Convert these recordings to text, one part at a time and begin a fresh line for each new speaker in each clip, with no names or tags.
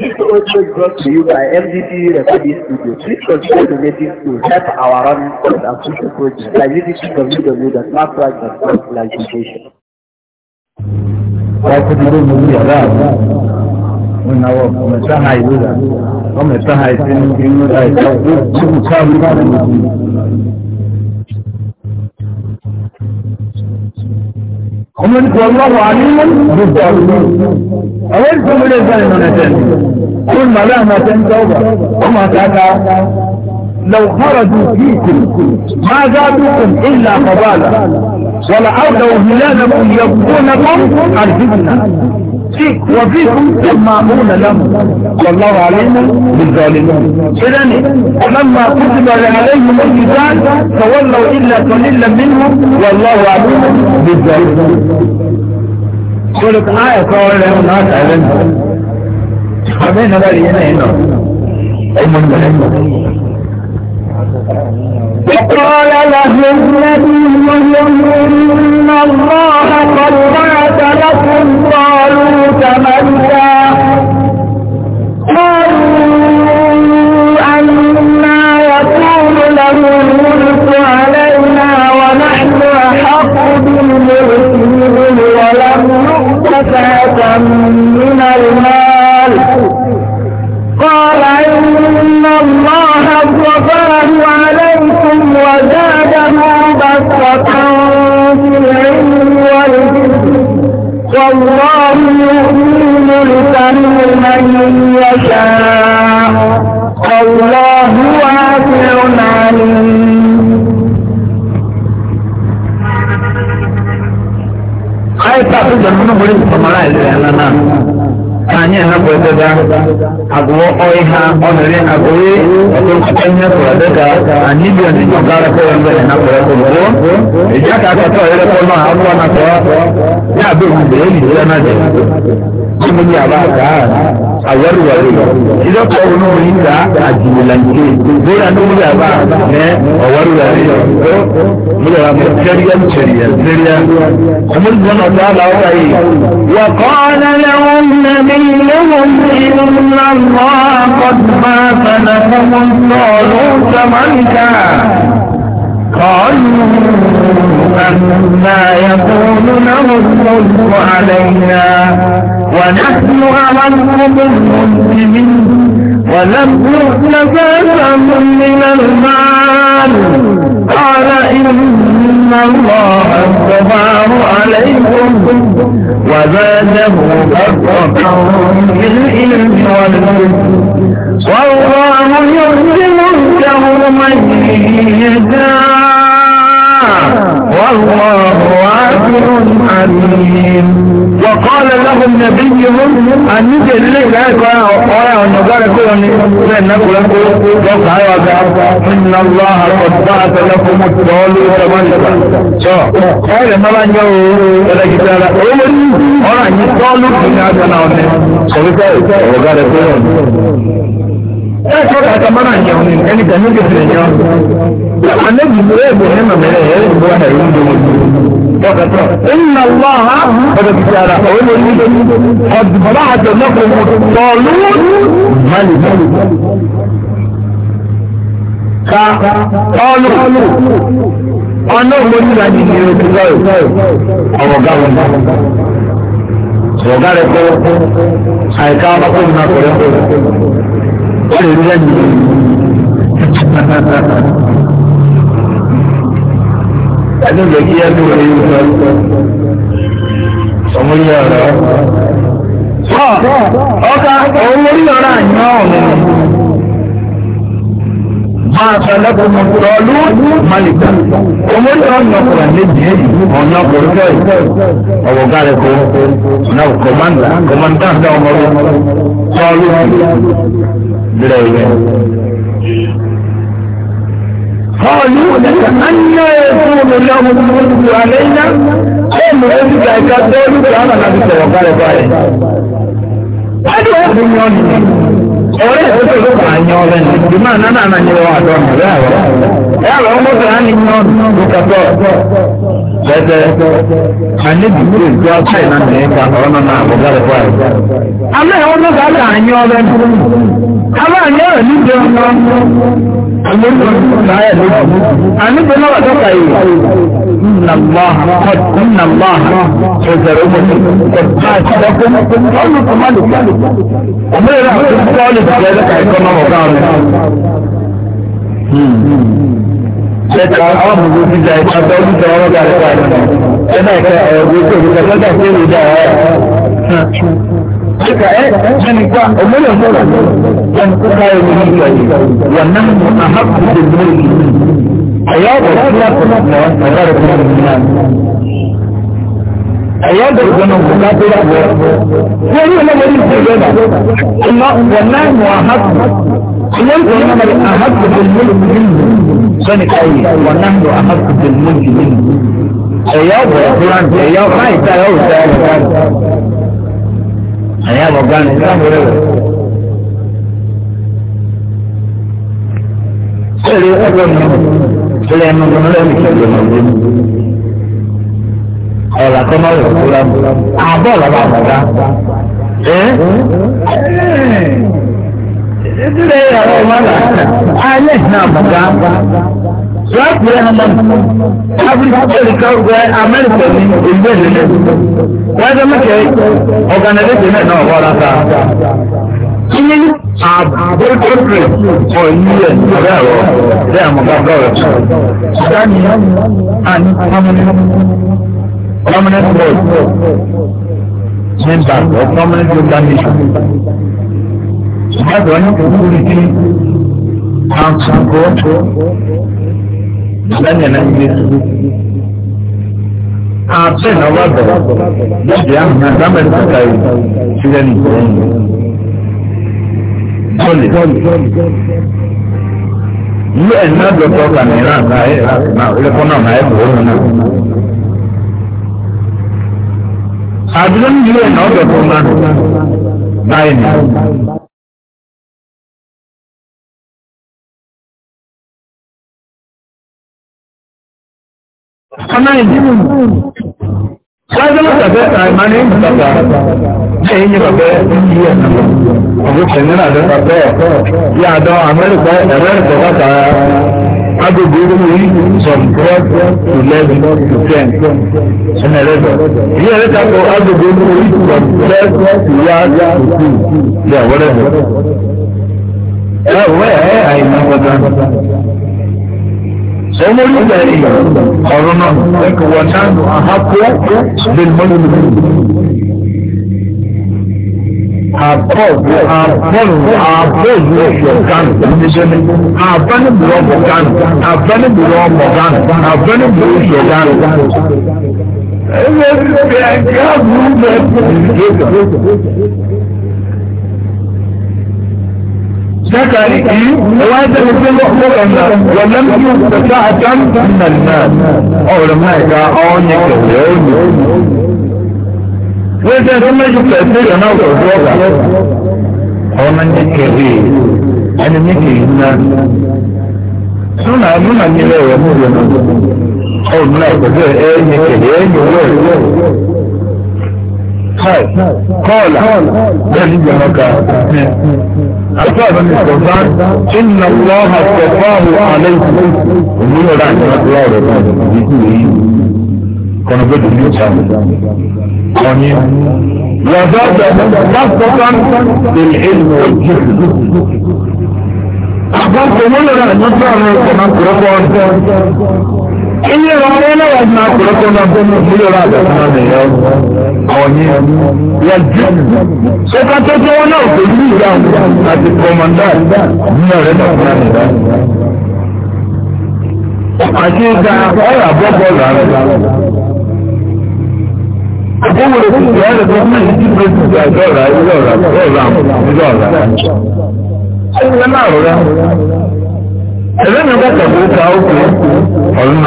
This also brought to you by MDP Recording Studio. Please consider donating to help our running costs and future projects by visiting www.markwright.com slash donation. Ọkùnrin ló mú ní ọ̀rá àgbà ìnáwó mẹ̀táhà ìlú rà, ọ mẹ̀táhà ìsinmi inú rà ìtọ́jú tí kò ká
ومن والله عليم بالظالمين أولكم إلى الظالمين كل ما لا ما تنتوبة وما تأتى
لو خرجوا فيكم ما زادوكم إلا قبالا ولعودوا هلالكم يبقونكم الفتنة فيك وفيكم سماعون لهم والله علينا بالظالمين إذا لما كتب عليهم القتال تولوا إلا قليلا منهم والله علينا بالظالمين
قلت آية قال لهم ناس أعلم حبينا بقى هنا هنا
وقال له النبي إن الله قد بعث لكم طالوت ملكا قالوا أنا يكون له الملك علينا ونحن أحق بالملك منه ولم نؤت من المال الله عليكم وزاده بسطة في العلم والجسم والله يؤمن ملكا من يشاء والله واسع عليم ayé tá a tó jẹ nínú mọ́lẹ́ ìfọ̀mọ́lá ìlú ẹ̀ lánàá anyị ahapụ ededa agụọ ọhịa ọnọrị agụrị ọtụtụ ihe kụrụ dịka anyị bi ọnụ nyọka rekọrọ mgbe na hapụrụ ekọrọ gboo eji aka akọta ọhịa rekọrọ nọ akwụkwọ na kọrọ ya bụ mgbe e na dị kuma ya ba ta a warware idan ko wani wuri ta a jimilance ko na nan ya ba ne a warware ko mura mu shariyan shariyan shariyan kuma zan ta la wai wa qala lahum nabiyuhum inna allaha qad ma sanakum talut malika قالوا أما يكون له الملك علينا ونحن أعلم بالمسلمين ولم يخلق شم من المال قال إن الله اصطفاه عليكم وزاده بسطة في العلم والله يؤتي ملكه من يشاء والله واسع عليم وقال لهم نبيهم أن نجد لك أرى أن نقال كوني فإنك لك وقعوا إن الله قد بعث لكم الطالوت ملكا قال ما لن يروا ولا كتابة أولي أرى أن الطالوت من هذا نعم صدقاء وقال كوني لا تقع تمنى أن يروا أنك نجد لك النبي بيقول احنا ما بنعملش واحد إن الله قد قد بعث لكم طالوت ملك طالوت أنا أقول لك أن ọ̀gá rẹ̀ kọ́ àìká ọmọkùnrin náà kọ̀rẹ́ kọ́ wọ́n lè rí ẹ̀yìn ẹni bẹ kí ẹni wọ ewu náà ọmọ yẹ ọrọ. ọkà òun orí ọ̀rọ̀ àyàn ọ̀hún. máa sọlẹ́kùn mọ̀kúrọ̀ ọlú màlìkà òun orí ọ̀rọ̀ ọ̀kùnrin méjì ọ̀nà ọ̀kùnrin kẹ́ ọ̀wọ̀ gàrẹ́ kó ọ̀nà kọ̀mọ́ndà kọ̀mọ́ndà ọmọ rẹ̀ kọ́ ọlú bìrẹ̀ ìwé. قالوا لك أن يكون لهم الملك علينا قوم ربك أكادوا كما نبيك وقال قائل Adé wọ́n fi yan ni. Ọ̀rẹ́ ìwé tó ló máa yan ọ̀rẹ́ ni. Bí máa nánà náà ni wọ́n àdọ́ ọ̀nà rẹ̀ àwọ̀. Ẹ àlọ́ ọmọ tó hàn ní yan lùkàtọ̀. Bẹ́ẹ̀ àníbi tó ìjọ àti ìnáwó ẹ̀ka ọ̀nà náà àbọ̀gá rẹ̀ wáyé. Àmọ́ ẹ̀wọ̀n náà bá lè àyan ọ̀rẹ́ ni aláàní ọ̀rọ̀ níbi ọmọ àníbi náà tọ́ka yìí nàmàá ṣẹ̀ṣẹ̀rẹ̀ ọmọdé àti ọkùn ọdún tó máa lè ọmọ ìrà àti pọ́ọ̀lù tó Jika eh, yani kwa umuri mura, yani kukayo mihika hii, wa nahmu ahaku bilmulki. Ayabu kila kuna magari kuna mminan. Ayabu kuna mkabila wa, kwa hiyo na mwini kujena, ima wa nahmu ahaku, Iyan ko yana da ahadu bil mulki minhu sani kai wa nahnu ahadu bil mulki minhu ayyaw wa quran ayyaw kai ta yau da
àyà àbọ̀gbá ni ní àwọn ẹ̀rọ.
Sọ̀rọ̀ ọgbọ́n mi sọ̀rọ̀ ẹnu ọgbọ́n lẹ́nu ìṣẹ̀lẹ̀ ọmọ ọdún. Ọ̀là kọ́ máa wọ̀ fúra mu. Àbọ̀ ọ̀là bá bàbá. Ìdílé ìyàwó ọmọ náà, ayé náà bàbá láti ẹ̀hánà áfíríkà pẹ̀lúkà ọgbẹ́ amẹ́ríkà ní ìlú ìdílé wáyé mẹ́kẹ́ ọ̀gánáìlẹ́sẹ̀ náà náà wọ́n rárá. Ilé àbójútó ọ̀ ilé ẹ̀rẹ́ ẹ̀rọ bẹ́ẹ̀ àmọ̀gá bọ́ọ̀rẹ̀. Sùdáni àní permanent board
member of permanent local nation.
Ìbáṣọ̀ ní kòkúrú ní kí council go lẹ́yìn náà ń gbé tuntun. Àtẹ̀ náà wà bẹ̀rẹ̀ lóde àmì náà dámẹ̀ ní kàkà yìí sílẹ̀ ní ìgbọ̀n yìí. Bọ́ọ̀lì. Ilé ẹ̀ náà dọ̀tọ̀ ọkà ní ìran náà ẹ̀ náà olùkọ́ náà náà ẹ̀ bọ̀ ọ́nà náà. Àdúrà ní ilé ẹ̀ náà dọ̀tọ̀ náà náà ẹ̀ ọ̀nà ìdílù ṣáájọ́lọ́sàbẹ́ àìmá ní ìgbàgbà ẹ̀yìn bàbẹ́ ìyí ẹ̀nà ọ̀gbọ̀sẹ̀ nínú àdọ́sàbẹ́ yà àdọ́ amẹ́ríkà ẹ̀rẹ́rìkọ̀ bàtà agbègbè orí some twelve to eleven to ten ẹ̀nà ẹ̀rẹ́dọ̀ ìyí ẹ̀rẹ́ta kọ agbègbè orí from twelve to yá to two yà wọ́rẹ́dọ̀
ẹ̀wẹ́ ẹ̀ àìmọ́ عمر تاريخ قرنا لك ونحن أحق بالملك
àpọ̀jù àpọ̀jù àpọ̀jù ọ̀gáàni níjẹ́ni àbánibùrọ̀ ọ̀gáàni àbánibùrọ̀ ọ̀gáàni àbánibùrọ̀ ọ̀gáàni. Ewé ti bẹ̀rẹ̀ kí á bú bẹ̀rẹ̀ kí á bú bẹ̀rẹ̀. ذكر وهذا مثل قرآن ولم يوجد ساعة من الناس أو لم يكن أعنك اليوم
وإذا لم يجب تأثير أنا وتوضع هو من الكبير أنا مثل الناس
سنة من أن لا يمر أو من أكبر أين كبير قال قال ذلك مكان أصاب من القرآن إن الله اصطفاه عليكم ومن رأي الله كان بدل يتعامل قانين وزاد بسطا بالعلم والجهد أخبرت من رأي الله كان قرآن ilé wa wọn náà wà ní akọ̀lọ́kọ̀ náà kó ní ìlú ọ̀rọ̀ àgbàdo náà nìyẹn ọ̀nyí yàjú sọ́kà tó tó wọn náà kò ní ìyá wọn àti kọ̀mọ̀dá ní ọ̀rẹ́ náà náà nìyẹn.
àti ìgbà ọ̀rọ̀ àbọ̀bọ̀ làárọ̀ àbúrò
ìgbà ọ̀rọ̀ tó ní ìdí pẹ̀lú ìgbà ọ̀rọ̀ àbúrò ọ̀rọ̀ àbúrò ọ̀rọ̀ àbúrò ọ̀rọ̀ àbúrò ọ̀rọ̀ ẹ̀rẹ́ mi bàtà kó ta ókè ọ̀run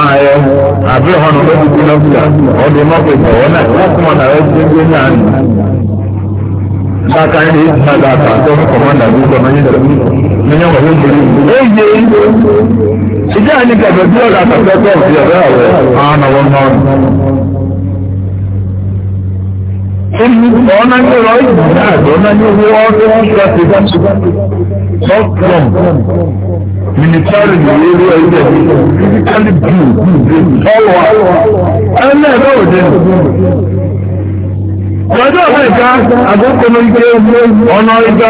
ààyè àbí ọ̀hún ọ̀rẹ́ tuntun lọ́kùnrin ọ̀dọ̀ mọ́kè tọ̀wọ́ náà wọ́n kún ọ̀nà rẹ̀ tó gbé náà nù. Bákan ní ìgbàgbà àtàkọ́ ní kọ̀mọ́dà ní ìgbà máa ń yẹ̀rọ mí. Mo yàn wọ̀nyí gbèrú. Éyè ìjà ni kẹ̀kẹ́ bí ọ̀gá àtàkọ́ tó ọ̀fi ọ̀rẹ́ àwẹ̀ àwọn àwọn ọmọ ọ̀nà. Èmi ọ̀nà ní ọ̀rọ̀ ìgbà ọ̀nà ní owó ọ̀rọ̀ ìgbà ti bá ti bá ti sọ́kùn mìnítárì ní orí ẹ̀jẹ̀ fífíkálì bíù ọ̀wà ẹ̀mẹ́ ẹ̀rọ òde.
Ìjọba ọ̀rọ̀ ìka àgọ́kọ̀ọ́nà
ike ọ̀nà ìka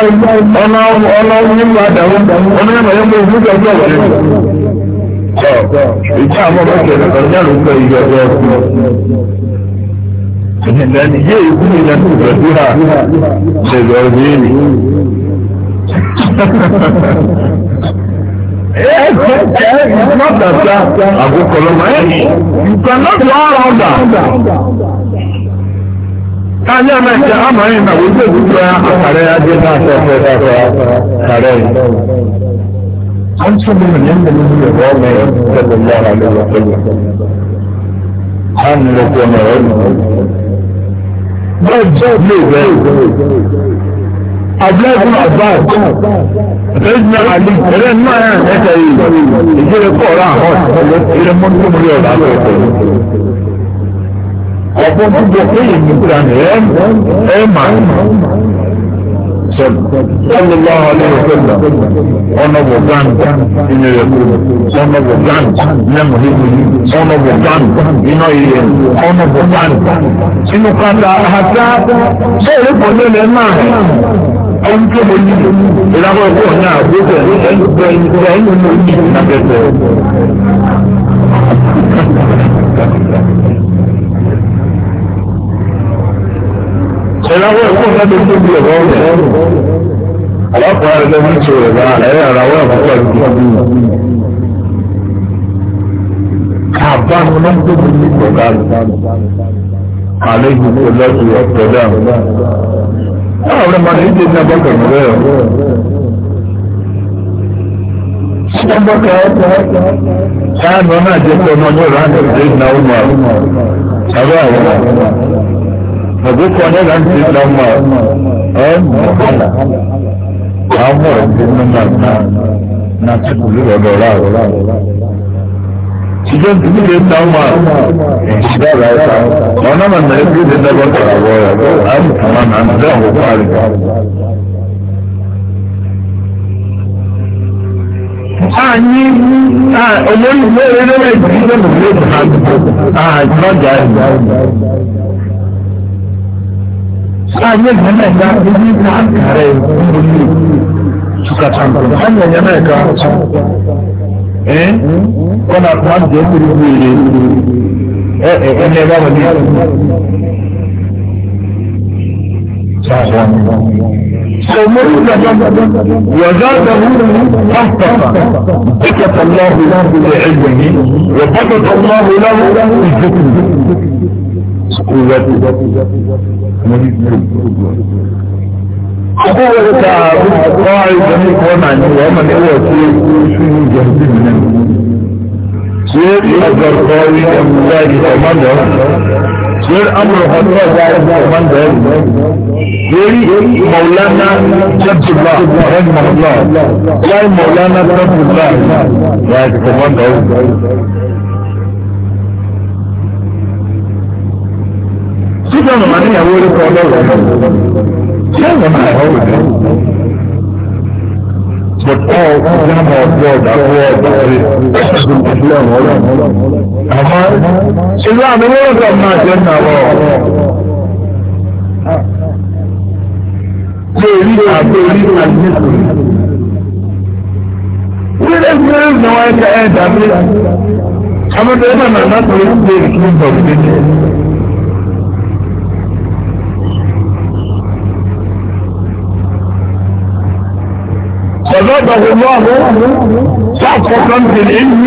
ọ̀nà ọ̀nà onímọ̀ àdàwọ̀ ọ̀nà ìmọ̀lẹ́mọ̀ òfúrúkọ̀ ọ̀gbọ̀n ọ̀rẹ́ ìjà àmọ́ bá kẹ̀lẹ̀ kan ní àlùkò ìjọba ọ̀gbọ̀n da nije i kuni na tu zaduha se zorvini Eh, it's not that that Abu Koloma. Eh, you cannot go around that. Káyọ̀ náà ṣe àmọ́ yìí náà wípé gbogbo àkàrẹ ajé náà ṣe ṣe ṣe ṣe àkàrẹ yìí. Wọ́n tún bí mi ní ìlú ìwọ ọmọ ẹ̀ ṣẹlẹ̀ lọ́ra lọ́wọ́ pẹ̀lú. Báwo ni lọ́kọ́ ọmọ rẹ̀ nù? bẹ́ẹ̀ jẹ́ ìlú rẹ̀ abúlẹ́gùn abbas rẹ́gbẹ́ ali ẹ̀rẹ́ náà ẹ̀rẹ́ ẹ̀kẹ́ yìí ìjẹ́rẹ kọ́ ọ̀rọ̀ àwọn ìrẹ́ mọ́tòmọ́rí ọ̀rọ̀ àwọn ẹ̀kẹ́
ọ̀pọ̀ gbogbo kéyìn nìkan ẹ̀ ẹ̀ máa
صلى الله عليه وسلم أنا وضعن إن يقول أنا وضعن لم يهمني أنا وضعن إن يهمني أنا وضعن إنه قد حتى سيرفع لي لما ẹni tó mo ní ìlànà ẹ̀kọ́ náà gbogbo ẹni gbogbo ẹni gbogbo ẹni mo ní ìlànà ẹ̀kọ́ ìràwọ̀ ẹ̀kọ́ náà tó tóbi ẹ̀rọ ọ̀rẹ́ alákọ̀ọ́ ẹ̀rọ ní ìṣó rẹ̀ bá ẹ̀rọ ìràwọ̀ ẹ̀kọ́ ìgbìyànjú àbámu náà tóbi ní ìgbọ̀gá àlejò kò lọ́sù ọ̀pẹ̀ dáhùn. Báwo ni màá ní ìdí ní abọ́kẹ̀ mi rẹ̀? Abọ́kẹ̀ sáànù náà jẹ́ pé ọmọ ọjọ́ ìrànlọ́dẹ́ ìdí náà ó mọ̀ àbẹ́ àwọn ọmọ. Àgbo kan ní láti ṣe lọ mọ̀ ẹ́ mọ̀hálà. Àwọn ọmọ ní máa náà náà ti kù lórí ọ̀dọ̀ ráàrọ̀ ráàrọ̀. Ṣìjọ́ ti ní lè ta ọmọ ìṣìdára ẹ̀ta. Ọ̀nà màá nà ẹ́bí ìdí dẹ́gbọ́n tàrà wọ̀ ẹ̀ àmì tàmà nà ń dẹ́ àwọn parí. Àyí olóyìnbó eré lórí ìdílé lòlẹ́ ìdílé àjọjà ìgbà ìgbà
hanyar yana ya yi na kare gudu
suka tantar hanyar yana ya kawo eh kwana kuma da ya kuri ne eh eh eh ne ba ba ne سمر وزاده قهطا سكت الله له بعلمه وبسط الله له بذكره kúwẹ́tì akúwẹ́tì ká wọ́n á rí ìjọba ìkọ́ náà ní ọmọ ní wọ́n ti ṣú ní ìjọba ìbí mi
ṣé ìjọba ìkọ́ rí ìjọba ìjọba ìjọba
ṣé amúlò kọ́tọ́ ọ̀gá ìjọba ìjọba lórí mọ̀lánà jẹ́bùlá ẹ̀mọ̀lá láì mọ̀lánà jẹ́bùlá láì kọ̀mọ́dọ̀ ọ̀gá.
títí ọ̀nà màá níyàwó orí kan lọ́rọ̀ ṣé ẹ̀rọ máa ẹ̀rọ wò dé.
But all grammar of God are word of Àmọ́ ìlú àmì wọ́n rọ̀ máa jẹ́ nà wọ́. Ṣé èyí àti èyí àti nítorí? Wíwé gbé ìnáwó ẹ̀ka ẹ̀dá mi. Àmọ́ ìdẹ́gbẹ̀rún náà láti orí ṣe ìkíni bọ̀ gbé. فزاده الله سعفة في العلم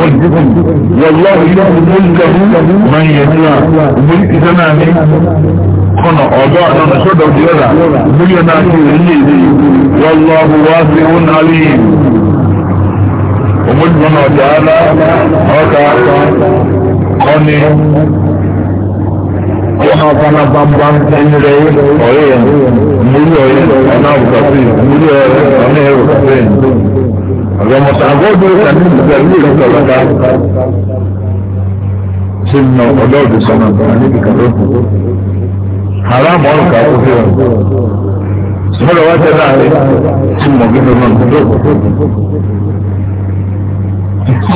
والجبن والله يحب ملكه من يشاء ملك زمانه kọ́nà ọ̀dọ́ àtọ́nà ṣọ́dọ̀ di ọ̀rà mílíọ̀nà àti ìrìnlẹ̀ èdè wọ́lọ́bù wá sí òun alẹ́ òmùdùmọ́nà ọ̀dọ̀ ara ọ̀ka kọ́ni ọ̀nà ọ̀fọ̀nà bambam ẹni rẹ̀ ọ̀rẹ́ yẹn múlí ọyẹ ọ̀nà àbùkàfẹ́ múlí ọyẹ ọ̀nà ẹ̀rọ kàfẹ́ ọ̀gọ́mọ̀tà àgọ́dọ̀ kàní ìgbàlú ìlú kọ̀lọ́dà
ṣe nà ọ̀dọ́ òdì sọ̀nà níbi kàlọ́
haram ọ̀rùn kàkó fi hàn sọ́dọ̀ wá tẹ̀lé àrẹ tí mọ̀ gẹ́gẹ́ náà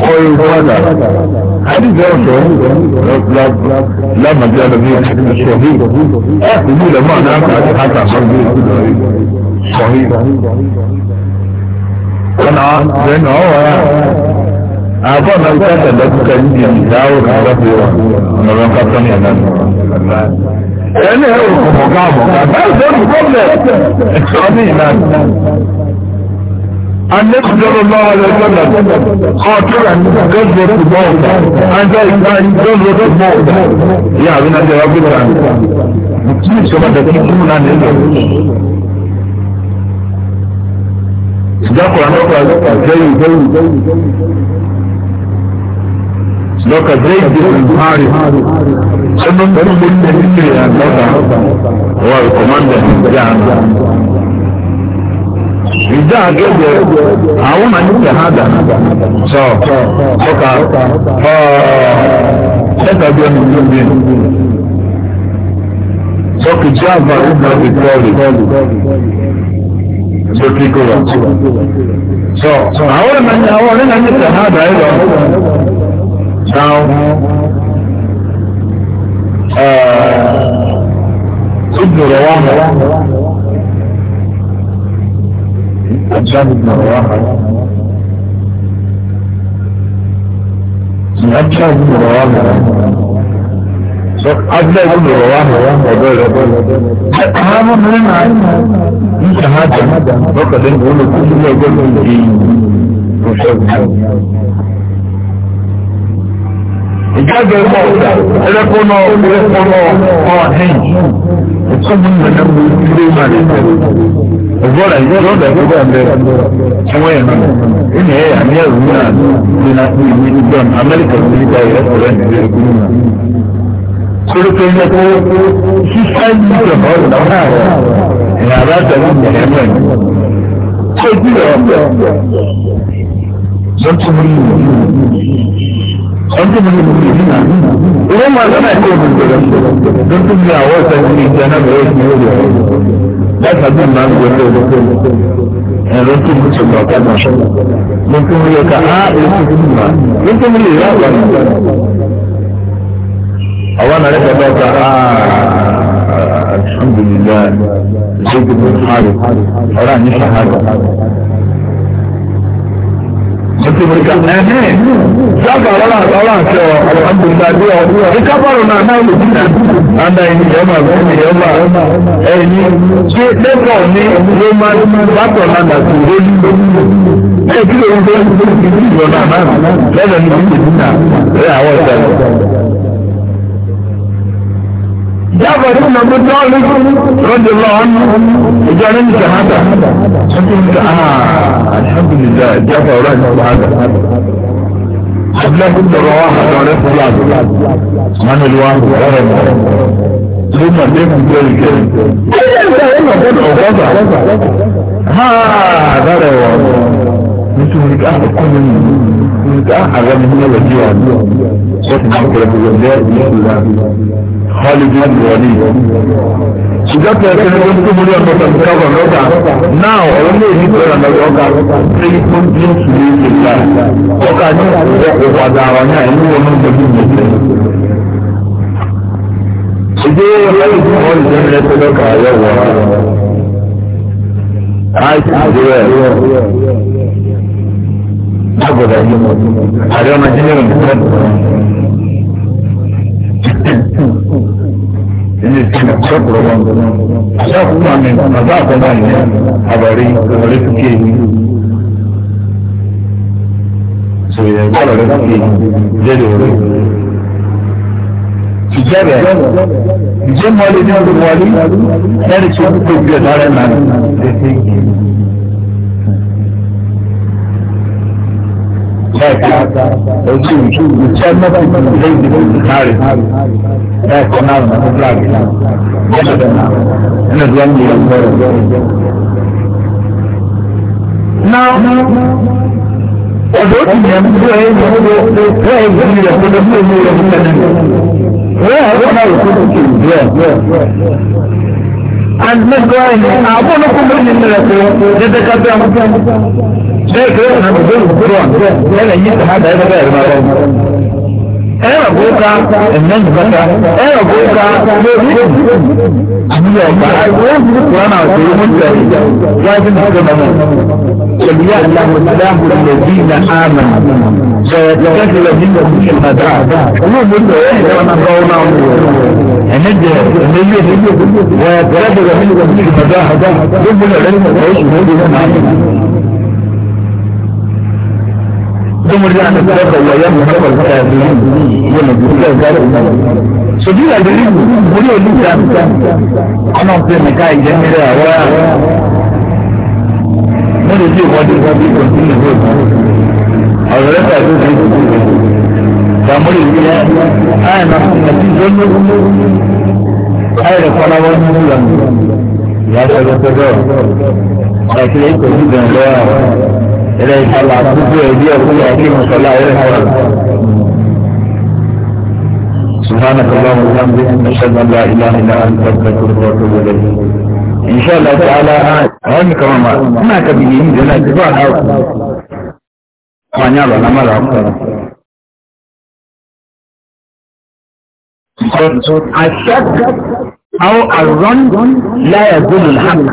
kọ́ ìwọ́n dàrá. حديث يا رسول لما جاء النبي الصحيح يقول لما انا اكل حتى صحيح كان عن هو àbọ̀ náà gbàgbà dọ́kítà yìí ní ìdáwó kàwé wa ọ̀nà kàtó ní ẹ̀nà ẹni ẹ̀rọ kọ̀ọ̀kan àbọ̀ kàtó ẹ̀rọ kọ̀ọ̀kan ọ̀nà ìlànà. النبي صلى الله عليه وسلم خاطرا غزوة الموتى عند غزوة الموتى يا ابن عبد ربك مسلم كما تكون عن صدق عن زي زي صدق زي بن حارث سنن من من الفكر يا الله هو الكوماندر بتاعنا ìjà àgẹ́gẹ́ àwọn máa ní ṣàhádà sọ ọkà ẹ̀ẹ́dàgbẹ́ ní ìlú sọ́kì tí a bá ń gbàgbé kọ́ọ̀lù sókè kọ́ọ̀lù sọ àwọn ìmọ̀nyà àwọn ọ̀rẹ́ náà ní ṣàhádà ẹ̀ lọ sáwọn ẹ̀ẹ́dùn rẹ̀ wá mọ́. الشاهد من الواقع الشاهد من الواقع أبدا من الواقع هذا من العلم دي شهادة فقط نقول كل ما يقول في مشاهد ìjáde ọmọ ọ̀dà ẹlẹ́kọ̀ọ́nà ọ̀pọ̀lọpọ̀ ọ̀hìn ìkọ́mù ìmọ̀lẹ́gbẹ̀ẹ́ ilé ìmọ̀lẹ́gbẹ̀ẹ́ ọgbọ́ra ìjọ lọ́dọ̀ ẹgbẹ́ abẹ́rẹ́ ọwọ́ ẹ̀ nọ ẹnì ẹ̀yà ní ẹ̀rù náà ní na ní ìlú dọ́n amẹ́ríkà ní ìgbà yẹn ọ̀rẹ́ ní ẹ̀rù náà. sori pé ní ẹ̀kọ́ suicide mission ọ̀rọ̀ náà náà rẹ̀ ẹ̀yà bá tẹ̀lé ní ẹ̀rọ ẹ̀ ṣé ojú rẹ̀ ọ̀bẹ lọ́tùmí lọ́tùmí lọ́tùmí náà ìwọ́n máa lọ́nà ẹ̀kọ́ òmìnira lọ́tùmí àwọn ọ̀sẹ̀ ní ìjànà bẹ̀rẹ̀ ìgbìyànjú láti àgbà máa ń gbé lé ẹ̀rọ tó mú tó lọ́ọ́ kẹ́mọ̀ mo tún rí ẹ̀ka á èso tó mà mo tún rí ìyá àwọn àgbà àwọn àrẹ bàbá ọ̀gá alhamdulilayi ṣé gbogbo ọ̀rọ̀ àyíṣà hàrọ̀ ti mọ̀ríkà. Sáàkà ọ̀rọ̀ ọ̀rọ̀ àti àgbègbè ìkábàrò náà náà lè dínà. Àdá ẹni ìyọ́mà ẹni ìyọ́mà ẹni ṣé lẹ́kọ̀ọ́ ní Roman Bátọ̀ náà dàtí lórí ẹ̀ kí lóyún tó ń gbé ìlú ìlú ọ̀nà náà lẹ́nu ní ìlú ìdínà rẹ̀ àwọn ìṣẹ̀lẹ̀. Jábọ̀ ní ọmọ tọ́lú rọ́jò lọ́wọ́nù ìjọ ní ìjọ hàtà. Alhamdulillah jábọ̀ rẹ̀ ní ọmọ hàtà. Abdullahi dọ̀rọ̀ wà hàtà rẹ̀ fún láàbù. Mánìlú wa rẹ̀ mọ̀. Ló mà dé kú bẹ́ẹ̀ ìkẹ́. Ilé ìgbà yẹn lọ fẹ́ ọ̀gọ́gà. Ha! Dára ẹ̀wọ̀n nítorí wọn ká ọkọ mi ní ká àwọn ọmọ náà lọ́jọ́ àbí wọ́n ti máa kọ̀rọ̀ gbogbo ọ̀dẹ́ ìṣúra holiday wọlé. ṣùgbọ́n tí a ti rẹ́wọ́n tó mú ní ọ̀dọ́ tó ká wọ̀ lọ́gà náà ọ̀rọ̀ náà ní ìpẹ́rẹ́ ọ̀nà lọ́gà pé ó ń dín sùn ní ìgbà ọ̀gá ní ìwàdà àwọn náà ìlú wọn náà gbẹ̀gbẹ̀ gbẹ̀gbẹ̀ ìdí ọlọ́run tí wọ́n lè ní ẹsẹ̀ lọ́kàn ayọ̀wọ̀ àìsàn ìdúró ẹ̀ agbada yi ààrẹ ọmọ jíjẹrò nìkan ilé ìsinmi sọkùrọ wọn sọkùrọ mi bàbá àkọọmọ mi àbàrí ọrẹ fúkẹ mi sòyẹ gbọdọ rẹ fúkẹ jẹrẹ ọrẹ ìjẹrẹ ìjẹmọlẹ ní ọdún wọlé ẹni tí ó kó gbé ọdún rẹ náà lẹsẹ yìí. ojú ìjú ìjẹ́ mọ́tò léyìn ìkárì ẹ̀kọ́ náà ló ń gbàgbé ẹ̀ẹ́dẹ̀ náà ẹ̀ẹ́dẹ̀ náà ń yẹ ọgbọ́rọ̀. Náà ọ̀dọ́ ti yẹ kó ẹ yẹ kó ẹ yẹ kó yẹ kó lọ́kọ́ ẹ yẹ kó tẹ̀lé. Wọ́n yà wọ́n náà yẹ kó tó kéwì díẹ̀. And mẹ́gbẹ́ ẹ̀yìn àwọn olókùnrin ní ìrẹsì dẹ́dẹ́ká bí àwọn شايف ايه انا بقول القران انا جيت حد هذا غير ما
انا بقولك الناس بقى انا بقولك عمي وانا اقول انت
لازم تكون وليعلم الله الذين آمنوا سيتكفل منكم في المدرعة قلوب منه احنا ونقونا هنجد هنجد ويتكفل منكم في المدرعة ده ضمن العلم ويش مهدنا معنا tumuri na nufaka wa ya nufaka kafiri yana duka zara so bi la deli muri o duka ana pe me ka ije mere awa
mo le di o wadi
wa bi ko tin ho awo re ta do bi ta mo le ya ai na na ti zo no ai re kona wa ni la ya sa go go ai ke ko ni ga ilé ìsọlá gbogbo ẹbí ẹkún ẹbí mọ̀sọ́lá ilé ìsọlá.
سبحانك اللهم وبحمدك
نشهد ان لا اله الا انت نستغفرك ونتوب اليك ان شاء الله تعالى هون كمان ما كبيرين جنا جبان او ما نعلم انا ما
الشك او الظن لا يزول الحق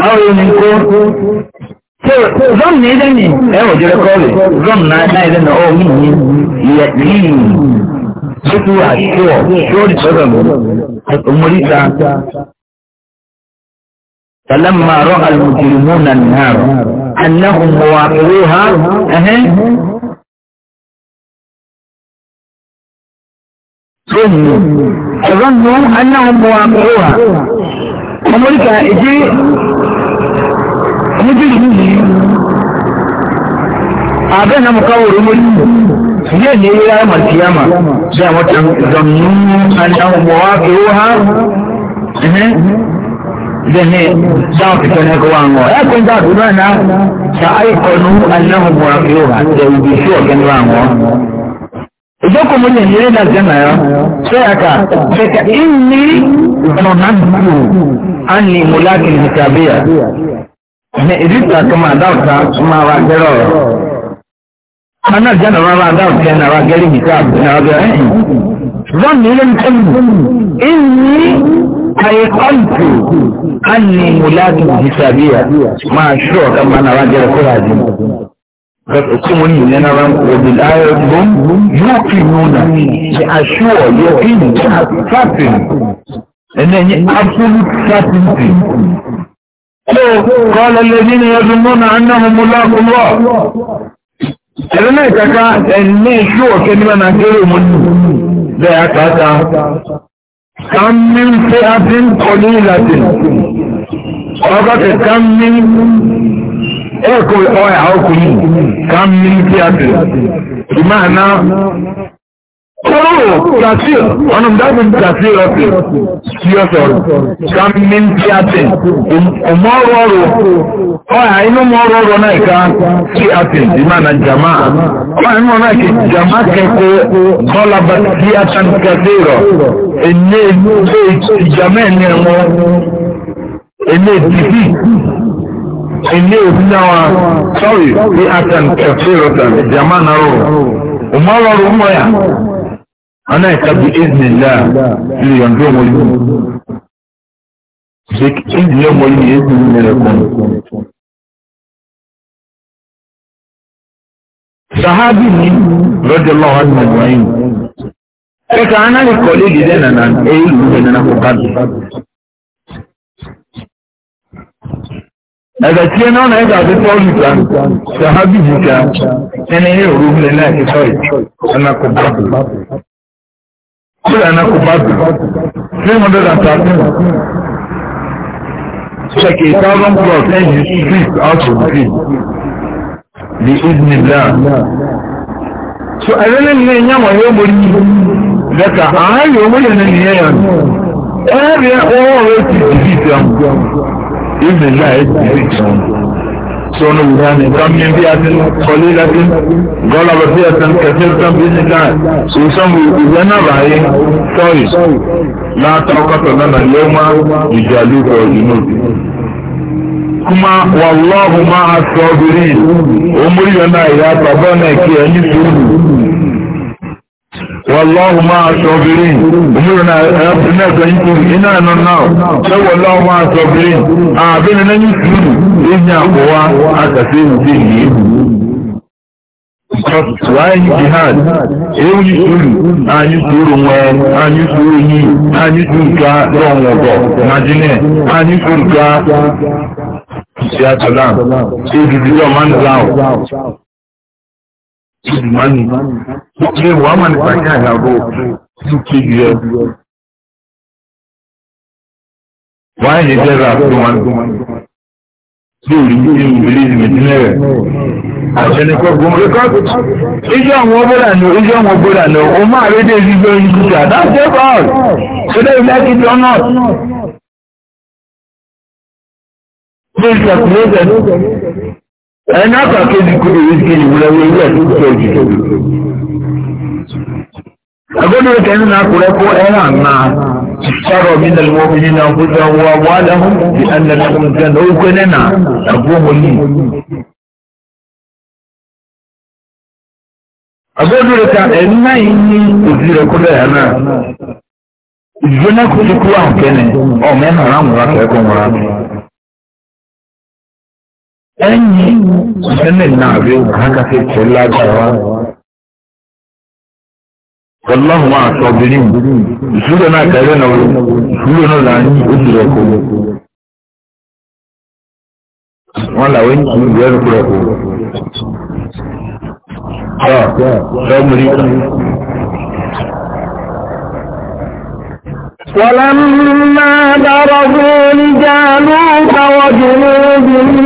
àwọn ènìkó so zom ní ilé ní ẹwọ̀n jẹ́rẹ́ kọ́ọ̀lù zom náà ilé náà ọ̀hún ní ìyẹ̀ yìí títú àṣíwọ̀ tí ó dìtọ́rọ̀ ọmọríta فلما رأى المجرمون النار أنهم مواقعوها أهل ظنوا أنهم مواقعوها amẹ́ríkà èdè méjìlì nìyí abẹ́ náà mọ̀ká wò lórí yíyẹ ní ilé ayé màtíyàmà sí àwọn tàn zọ̀nù àwọn ọmọ wa fi owó ha dene dáwọn fìtọ́ ní ẹgbẹ́ wa ń wọ̀ ẹ kó ń dá àdúrà náà sa ayé kọ́nu aláwọ̀ mọ̀ra fi owó ha ṣe ibi sí ọ̀gẹ́ ní wa ń wọ̀ ìjókòó mo lè nílé náà jẹ́nà ẹ̀rọ ṣé àkà fẹ̀kà ìní ọ̀nàmù àní mùlákin nìkàbíyà ní ìdíta tó máa dáwọ̀ta máa wá gẹ́rọ̀ ọ̀rọ̀ ọ̀nà jẹ́nà wá wá dáwọ̀ta náà wá gẹ́rì nìkà náà gẹ́rẹ́ ẹ̀yìn wọ́n nílé nìkàbíyà ìní àyẹ̀kọ́ǹtù àní mùlákin nìkàbíyà máa ṣúọ̀ kà máa náà wá gẹ́rọ̀ kúrò فاعتصموا لنا وبالآية هم يوقنون يأشوا يقين certain and then absolute certainty قال الذين يظنون أنهم ملاقوا الله ẹ̀rẹ́nà ìkàkà ẹ̀ní ṣú ọ̀kẹ́ nígbà náà kéré mú ní bẹ́ àkàkà kàmí fẹ́ àti ń kọ ní ìlàtí ọgọ́kẹ̀ kàmí ẹ̀kọ́ ọ̀yà ọkùnrin kàmíntì mmiri ìmáàná kọ́rọ̀ kàfíọ̀ ọ̀nà ìdájọ́ kàfíọ̀ ọrụ sí ọ̀sọ̀rọ̀ kàmíntì àti ọmọọrọ̀ ọ̀yà inú mọ́ọ̀rọ̀ náà ká sí àti ìmáàná jàmá ọ̀yà inú náà kí ilé òfin wa sọ́ọ̀rì bí atan kẹfẹ́ rọ̀tà jama nàró ọmọ lọ́rọ̀ ọmọ yà ana ìtàbí ìdìnnìlá ilé yọ̀ǹdó ọmọ yìí ìdílé ọmọ yìí yé ti nílẹ̀ kọ́.
sahabi ni rọ́jò lọ́wọ́ àdìmọ̀lẹ́yìn ẹ̀ka anáyẹ̀kọ́ lè dìde nànà èyí ìlú
nana kò kájú. ẹ̀dẹ̀tíẹ́ náà náà ẹ̀dà àti pọ́ọ̀lù kan ṣàhábì jìkà ẹni ìrù ilẹ̀ náà ti sọ́ọ̀ ẹnakọ̀bàbù kúrò ẹnakọ̀bàbù three hundred and thirteen check a thousand plus engine street out of the field the evening down so ẹ̀rẹ́lẹ́ ní ẹ̀yàn wọ̀ yóò mọ̀ ní lẹ́ka ààyè owó yẹn ní ẹ̀yàn ẹ̀rẹ́ ọwọ́ rẹ̀ ti dìbì jẹun ìbí ńlá ẹ̀ sì rí jẹun. tí wọn wù wọn nìkan mi bí a ti ń kọlé lẹ́sìn gọ́lá bọ̀ sí ẹ̀sán kẹfẹ́ sàn bí nígbà ìsọ̀n ìwé náà báyé sọ́ọ̀rì látà ọkọ̀tọ̀ náà lé wọn ìjà lóko ìnú. kuma wàlláhu máa sọ obìnrin òmùrí yọ náà ìyá bàbá náà kí ẹni sùúrù والله مع الصابرين امورنا ربنا كنتم انا النار والله مع الصابرين اعبنا نني سنو ان يقوى اكثير فيه Láyé jihad, èyí ní sùúrù, àyí sùúrù wọn, àyí sùúrù yìí, àyí sùúrù ká lọ́wọ́ ọ̀gọ̀, Màjínẹ̀, àyí sùúrù ká ṣe àtàlá, ṣe dùdú lọ́mọ́ ń láwọ̀ ìdùmánì ṣe wàá mà nípa ní àyàwó tó kéjì rẹ.
wàá yẹ jẹ́ra tó wọn tí
ò rí ní ìwúrí ìmìtínlẹ̀ rẹ̀.
àṣẹnikọ́ gbọmọdé kọ́
ijó àwọn ọgbọ́dà ni ijó àwọn ọgbọ́dà ni o máa rí dé ibi lórí títà that's it all ṣẹlẹ̀ ilé kìdí ọ̀nà.
Please calculate
it. ẹni àtà kéjì kúrò ìrìsìkèjì múlẹ̀wé ilé ẹ̀kú kéjì agbẹ́dọ̀ kẹ́ni náà kúrẹ́ kó ẹ̀rà náà sọ̀rọ̀ mi na wọ́n fi náà kó jọ wọ́n wọ́n lẹ́hùn bí ẹ̀ndẹ̀ náà kún jẹ́ náà ó kó ní náà ẹ̀kú wọn yìí.
náà yìí ní òbí náà náà ti ọ̀
ẹ̀yìn ìṣẹ̀lẹ̀ náà rí àkàtì tẹ̀ lágbára.
Ọlọ́run máa sọ obìnrin ìṣúlẹ̀ náà kẹrẹ́ náà rò ìṣúlẹ̀ náà là ń yí oṣù rẹ̀ kò.
Wọ́n làwọn ènìyàn ìlú ẹ̀rù kúrẹ̀ kò. Ọ̀ ẹ̀ mú rí. ولما برزوا لجالوت وجنوده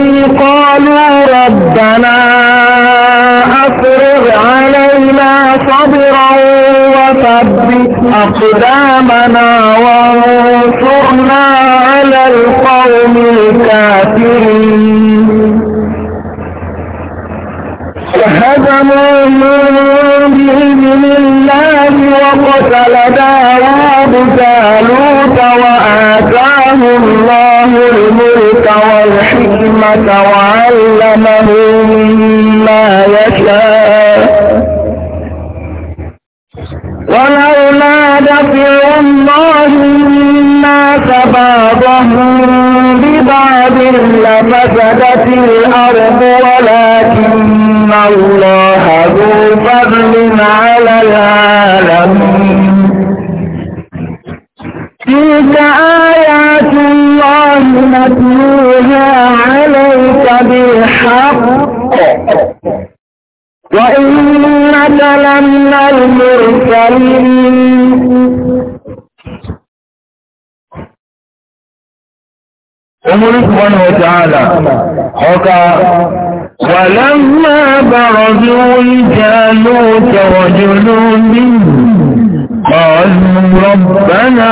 قالوا ربنا أفرغ علينا صبرا وثبت أقدامنا وانصرنا على القوم الكافرين فهزموا من بإذن الله وقتل داود جالوت وآتاه الله الملك والحكمة وعلمه مما يشاء ولولا دفع الله الناس بعضهم ببعض لفسدت الأرض ولكن الله ذو فضل على العالمين تلك آيات الله نتلوها عليك بالحق وإنك لمن المرسلين أمر سبحانه وتعالى حكى ولما برزوا لجالوت وجنوده قالوا ربنا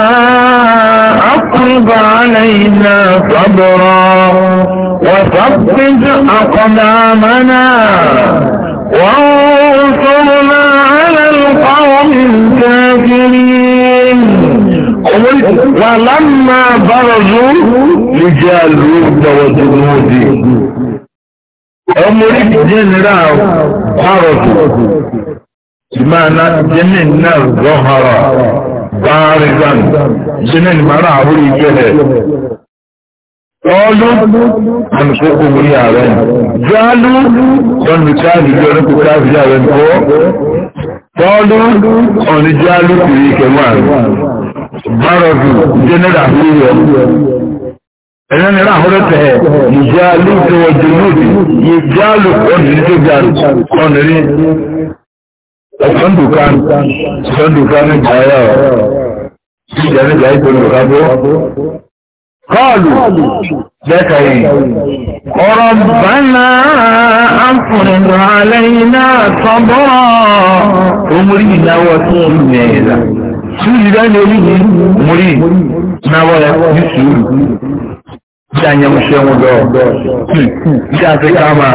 أقرب علينا صبرا وثبت أقدامنا وانصرنا على القوم الكافرين ولما برزوا لجالوت وجنود أمرك جنرال برزوا بمعنى جنن نار ظهر بارزا
جنن مرا هوري كده
قالوا عن فوق مني عين قالوا كان بتاعي يقول لك كافي عين قالوا ان جالوا في كمان بارزوا جنن هوري
ẹ̀rọ ni ráhùrẹ́ tẹ̀ ìjálù tó wọ́n jẹ́ lóòdì ìjálù ọ̀nà ní tó jálù ọ̀nà ní Son dukkan, son dukkan ní jaya ọ̀. Jíjẹ ní jaya ìpínlẹ̀ òkàbó. Kọ́ọ̀lù lẹ́ka yìí. Ọ̀rọ̀
bánà áfùnrin alẹ́ iná sọ́bọ̀. Omúrí ìnáwó tí ó ní ẹ̀yẹ̀dá. Súrì rẹ̀ ní orí yìí, múrí náwó rẹ̀ ní sùúrù. Bí a nyẹ́ mú ṣe mú dọ̀, bí a fi ká máa.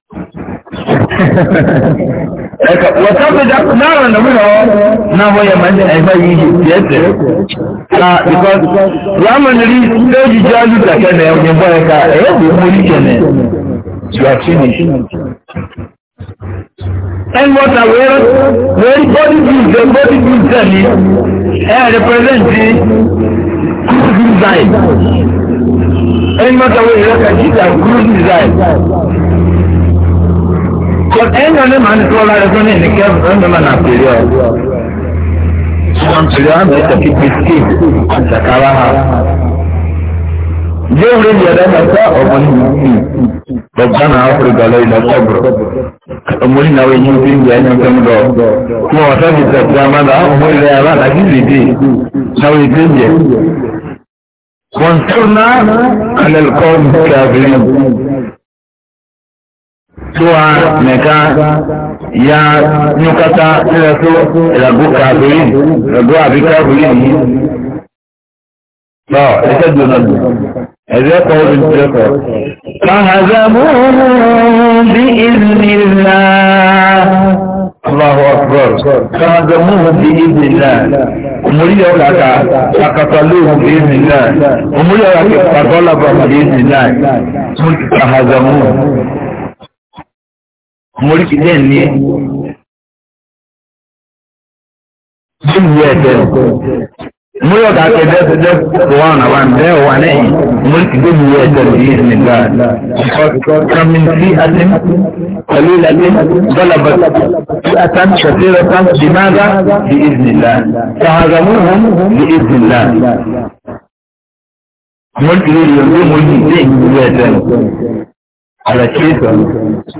wata fida náà nà mí náà wọ́n yẹ máa ń ẹ̀fẹ́ yìí yìí tiẹ̀ tẹ̀ na ah, because ramen rí jẹ́ kẹ́nẹ̀ ẹ̀ka kẹ́nẹ̀ you are finished. And what are we? Very body beat, the body tell eh, design. And what are we?
ẹ̀yàn ní màá ní tí wọ́n lára ẹ̀fọ́ ní ìníkẹ́ ẹ̀mí máa nà pèrè ọ̀.
Pèrè ọ̀ àmì ìtẹ̀kí bìtì àtàkárá ha. Yóò rí ìyẹ̀dá mẹ́ta ọmọ ní ìlú bọ̀gbá náà áfíríkà lọ ilẹ̀ kọ́bùrọ̀. Ọmọ ní náà wọ́n yí bí ìyá ẹni tó ń lọ. Mo wà sọ́ọ̀dì tẹ̀sí àmàlà ọmọ ilẹ̀ ara àti ìrìndì náà wọ́n ti ń jẹ. Wọ́n tún náà kálẹ̀ kọ́ tuwa mẹka ya nyukata nílẹ̀ tó ìlàgó kàbíyìn ìlàgó àbí kàbíyìn yìí tọ́ ẹsẹ̀ dùnà dùn ẹ̀rẹ́ kọ́ orí ìjọ kọ́. فهزموهم بإذن الله الله أكبر فهزموهم بإذن الله أمري أولاك فقتلوهم بإذن الله أمري أولاك فطلبهم بإذن
الله فهزموهم mori ti dẹ́n ní ṣíwú ẹ̀tẹ́
mori ọ̀gá pé dẹ́sẹ̀ dẹ́sẹ̀ tó wà náà wà ní ẹ̀ wà lẹ́yìn mori ti dẹ́n ní ẹ̀tẹ́ ní ìsinmi gbáà kọ́min sí atin pẹ̀lú ìlàlẹ́ dọ́làbà sí atan ṣàfihàn tán di máa bá di ìsinmi gbáà ṣàhàgàmú hàn di ìsinmi gbáà mori ti dẹ́n ní ọdún
mori ti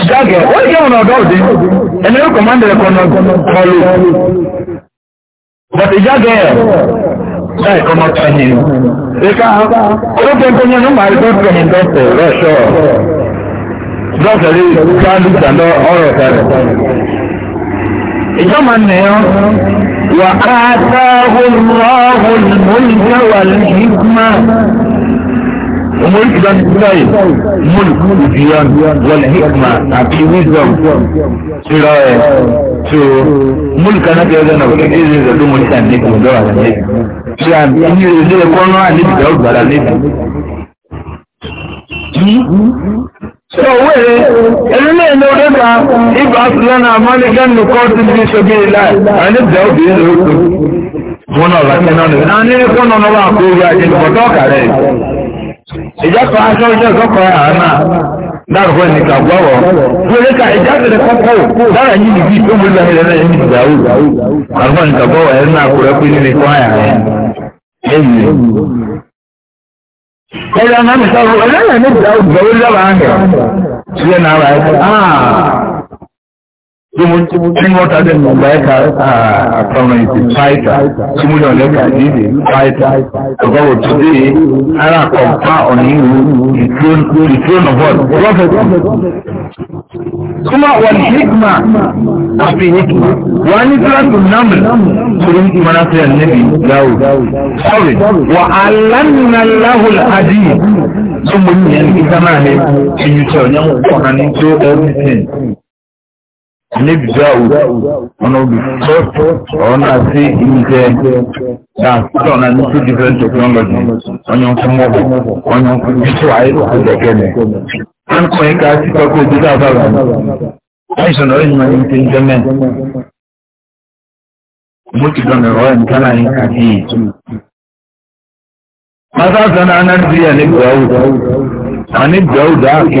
Ìjágẹ̀, ó jẹ́ ọ̀nà ọ̀dọ́ òde, ẹni ó kọ̀mọ́ndẹ̀rẹ̀ kọ̀nà kọlu.
Bọ̀t ìjágẹ̀ ẹ̀ láì kọ́mọ́ tẹ̀yìn. Ìka, ó jẹ́ tó yẹn nígbà tó tẹ̀yìn dọ́tẹ̀ rẹ̀ṣọ́. Dọ́tẹ̀ rí umar idan kudaye mulk ziyan wal hikma àti wisdom siraye so mulka na ke zana wani ne zai zaɗi mulka ne kuma dawa da ne sira in yi zai kwano a nibi da ubara ne so were ẹlẹ́lẹ́ ilé orí ka ibà lọ́nà amánigán ní kọ́ọ̀tù bí sọ́bí ilá ẹ̀ ní bẹ̀rù bí lóòótọ́ wọn náà láti náà ní kọ́nà náà wà kó rí ajé ní kọ́tọ́ kàrẹ́ ìjọba aṣọ ìjọ ìjọba àmà dárúkọ nìkan gbọwọ lórí ká ìjáde dára yìí nìbí tó mú lọrẹ ẹni ìdáwó àrùkọ nìkan gbọwọ ẹni náà kúrẹ pé nínú ikọ àyà rẹ ẹyìn. ẹ̀rọ náà mi sọ̀rọ̀ ẹ̀rọ náà ní ìdáwó gbọwọ́ lọ́wọ́ àhẹ̀ sílẹ̀ náà rà ẹ̀ ah! tí wọ́n tàbí ọgbà ẹ̀ka àtọ́run ìsì fáìtà tí mo yàn lẹ́ka ìdíje fáìtà ọgọ́wò tó dé ara kọ̀ọ̀pá ọ̀nà ìlú ìtúrónà bọ́ọ̀lù prọfẹ̀tì. Kuma wani hikma a fi hikma, wa ni siratu namun turin mana sayar nabi dawo. Sorry, wa alanna lahul adi sun mun yi yanki sama ne in yi cewa yan kwanan do everything
níbi dáwù ọ̀nà olùsọ́ọ̀tù ọ̀nà sí ìjẹ́ dáàtọ̀ náà ní two different technology ọ̀nyọ̀ fún mọ́bọ̀ ọ̀nyọ̀ fún bíṣọ̀ àìrò àjẹkẹ́lẹ̀.
wọ́n kọ́ ẹ ká sí pápá ojú dáadáa rẹ̀ àìsàn ọ̀rẹ́ ìmọ̀ ní ti ń jẹ́ mẹ́ẹ̀.
mo ti dọ̀nà ọ̀rọ̀ nǹkan náà yín kàdí yìí.
mọ́tà sọ́nà anábìyà níbi dáwù àníbi dáwù dáàkì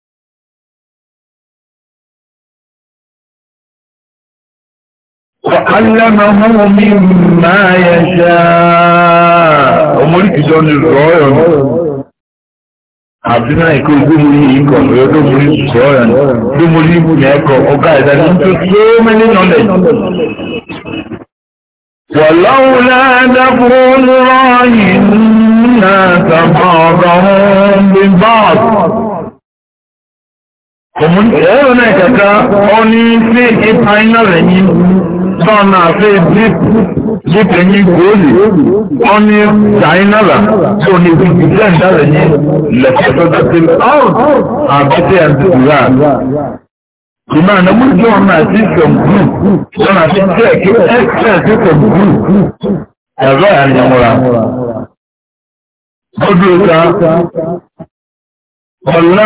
وعلمه مما يشاء ومولك جون الرؤيا àbínà ìkó ìgbómúlí ikọ̀ lórí ọdọ́múlí sọ́ọ̀yà lómúlí ìbùnà ẹ̀kọ́ ọgá ìdájọ́ tó tó mẹ́lẹ́ nọ́lẹ̀. wọ̀lọ́wù ládàbò lọ́yìn náà tàbí ọ̀rọ̀ bí báàbù ọmọ ẹ̀rọ náà kàkà ọ ní sí ìpa iná rẹ̀ yìí tọ́nà àti jípẹ̀ ní góòlì wọ́n ní ṣàínàlà tó ní ìgbìjẹ́ ìdáre ní lẹ́kọ̀ọ́dọ́dọ́dọ́ àbẹ́tẹ̀ àdúgbà
ìmọ̀ ànàmú jọ ọ̀nà àti ìṣọ̀mù lọ́nà àti jẹ́ẹ̀kì ẹ̀ẹ́kì ìṣọ̀mù ẹ̀rọ àyàmúra
ọdún ìta ọ̀lá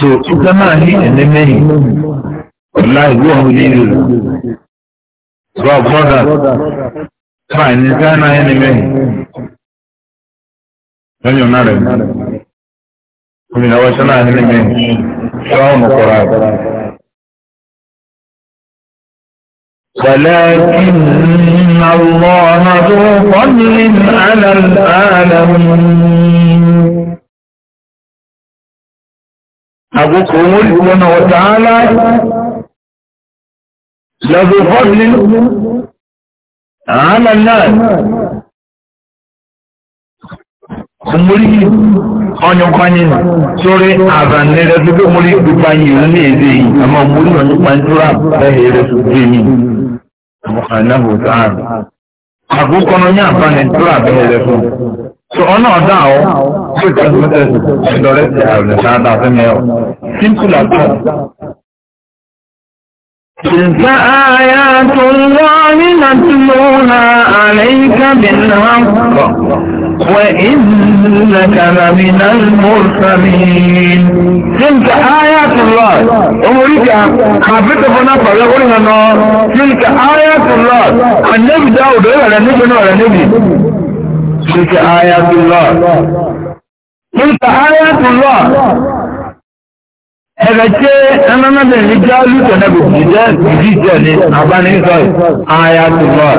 so ita náà ní ẹni mẹ́rin ọ̀la ìlú ọ̀hún ní ìlú rọ bọ́dà fà ní sáínà ẹni mẹ́rin
lọ́yìn ọ̀nà rẹ̀ gómìnà wọ́n sáínà ẹni mẹ́rin sọ́ọ́ ọ̀nà kọ̀ọ̀rọ̀ àgbà.
ولكن الله ذو فضل على العالمين
àkókò wọn ìwọ̀nà ọ̀tà ńlá lọ́bí fọ́dílì àánà náà
kùmúrí ọ̀nyọ̀kwányé sórí àbànírẹ́ tó tó múrí gbígbányé òun ní èdè yìí àmọ́ múrí ọ̀nyọ̀kwányé tó rà bẹ́ẹ̀ tó dé mi àwọn ànáhùn àgùkọ ní àǹfààní tó rà bẹ́ẹ̀ rẹ fún so ọ̀nà ọ̀dà ọ̀ tó ìtàn tó tẹ̀ ẹ̀dọ̀ rẹ̀ ti àrùn ẹ̀ sáadà fún mi ọ̀ simple as that. تلك آيات الله نتلوها عليك بالحق وإنك لمن المرسلين تلك آيات الله أمريكا حافظة فنافع يقول لنا تلك آيات الله النبي داود ولا نبي ولا نبي تلك آيات الله تلك آيات الله Ẹ̀rẹ̀kẹ́ ẹnánàbẹ̀ ní jálù tẹ̀lẹ̀bù jíjẹ́ ìdíjẹ́ ní àbáníṣọ́ àyàtùmọ́.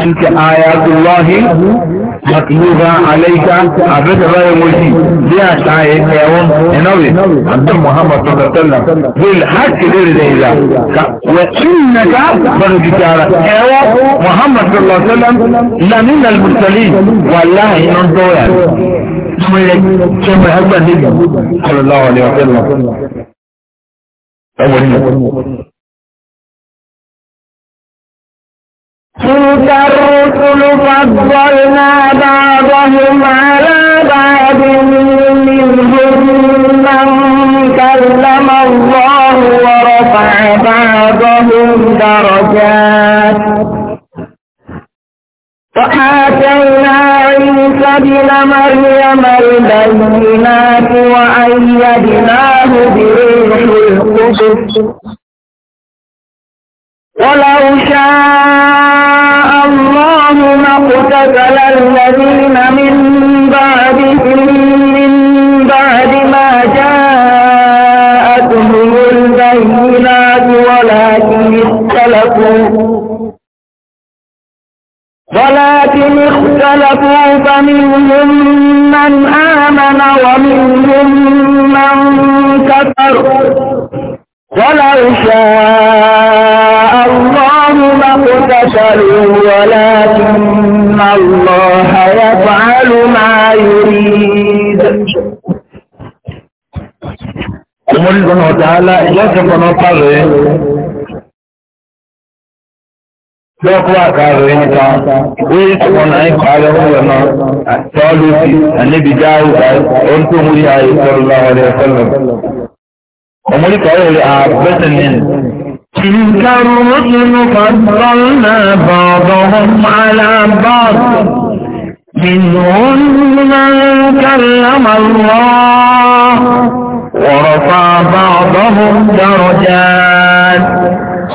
تلك آيات الله مطلوبة عليك عبد غير مجي ليا شاية ايوان انوي عبد محمد صلى الله عليه وسلم بالحق دير ديلا وإنك بغتارة ايوان محمد صلى الله عليه وسلم لمن المرسلين والله انون دويا كما يحب النبي صلى الله عليه وسلم
أولين تلك الرسل فضلنا بعضهم على
بعض منهم من كلم الله ورفع بعضهم درجات وآتينا عيسى ابن مريم البينات وأيدناه بريح القدس ولو شاء الله ما اقتتل الذين من بعدهم من بعد ما جاءتهم البينات ولكن اختلفوا ولكن اختلفوا فمنهم من آمن ومنهم من كفر ولو شاء تبصروا ولكن الله يفعل ما يريد
Omúlùgbọ́n ọ̀tà alá ìjọ́sìnkọ̀nà pàrẹ̀
lọ́kọ́ àkàrẹ̀ níta, wéyí ṣùgbọ́n àìkàrẹ̀ ọmọlọ́nà àtọ́lùsì àníbìjá àrùkà ohun tó múrí àìsọ́lọ́wọ́lẹ́ ọ̀fẹ́lẹ̀. Omúlùgbọ́n ọ̀rẹ̀ àbẹ́sẹ̀ nìyàn تلك الرسل فضلنا بعضهم على بعض منهم من كلم الله ورفع بعضهم درجات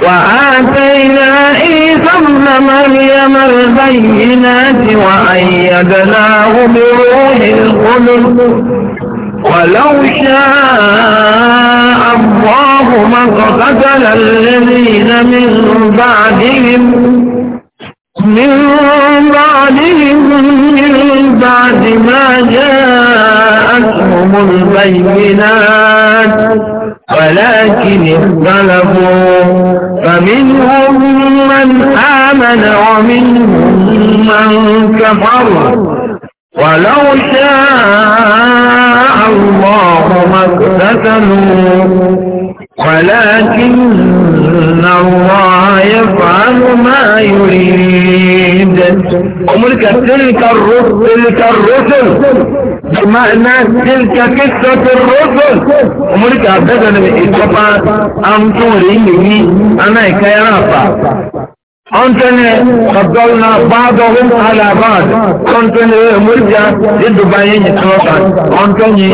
وآتينا عيسى ابن مريم البينات وأيدناه بروح القدس ولو شاء الله ما قتل الذين من بعدهم من بعدهم من بعد ما جاءتهم البينات ولكن اختلفوا فمنهم من آمن ومنهم من كفر ولو شاء الله ما اقتتلوا ولكن الله يفعل ما يريد أمرك تلك الرسل تلك الرسل بمعنى تلك قصة الرسل أمرك أبدا من إجابة أم توريني أنا كيرافة ọ̀ntẹ́ni ọ̀dọ́lùnà báàdọ̀hún alábáàd ọ̀ntẹ́ni ẹ̀mọ́ríbíà dídùbá yẹn yìí tán ọ̀tàn ọ̀ntẹ́ni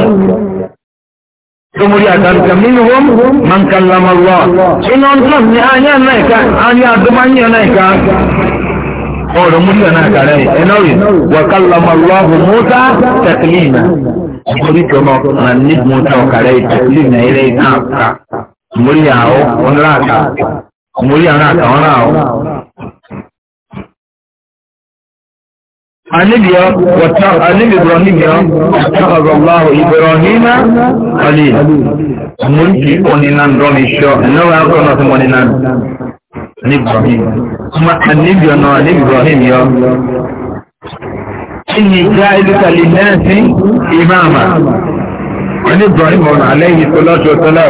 tómúrí àtàlùkà nínú wọn máa ń kàlámà lọ. iná ọ̀ntàn ni ayé náìka ayé àdúgbò ayé náìka ọ̀rọ̀ múlíọ̀ náà kàrẹ́ ẹ̀nà òye wà kàlámà lọ́hùn mọ́tà tẹ̀kílìmà orí tó mọ̀ náà ní mọ́tà ọ̀kàrẹ́
Àmórí àrá àtàwọn náà ọ̀. Anibiyọ, wọ̀tá, anibi Ibrahimiyọ, àtàkọ̀gọ̀láhù Ibrahima,
Ali, àmórí kìí kọ́ ní náà dọ́nà iṣọ́, ẹ̀nàwó akọ́ náà tó mọ́ ní náà ní Ibrahim. Kuma anibiyọ náà, anibi Ibrahimiyọ. Kíni já ibi kàlí náà sí ìmáàmà? Anibi Ibrahim ọ̀nà àlẹ́ yìí tó lọ́sọ̀ọ́sọ́lá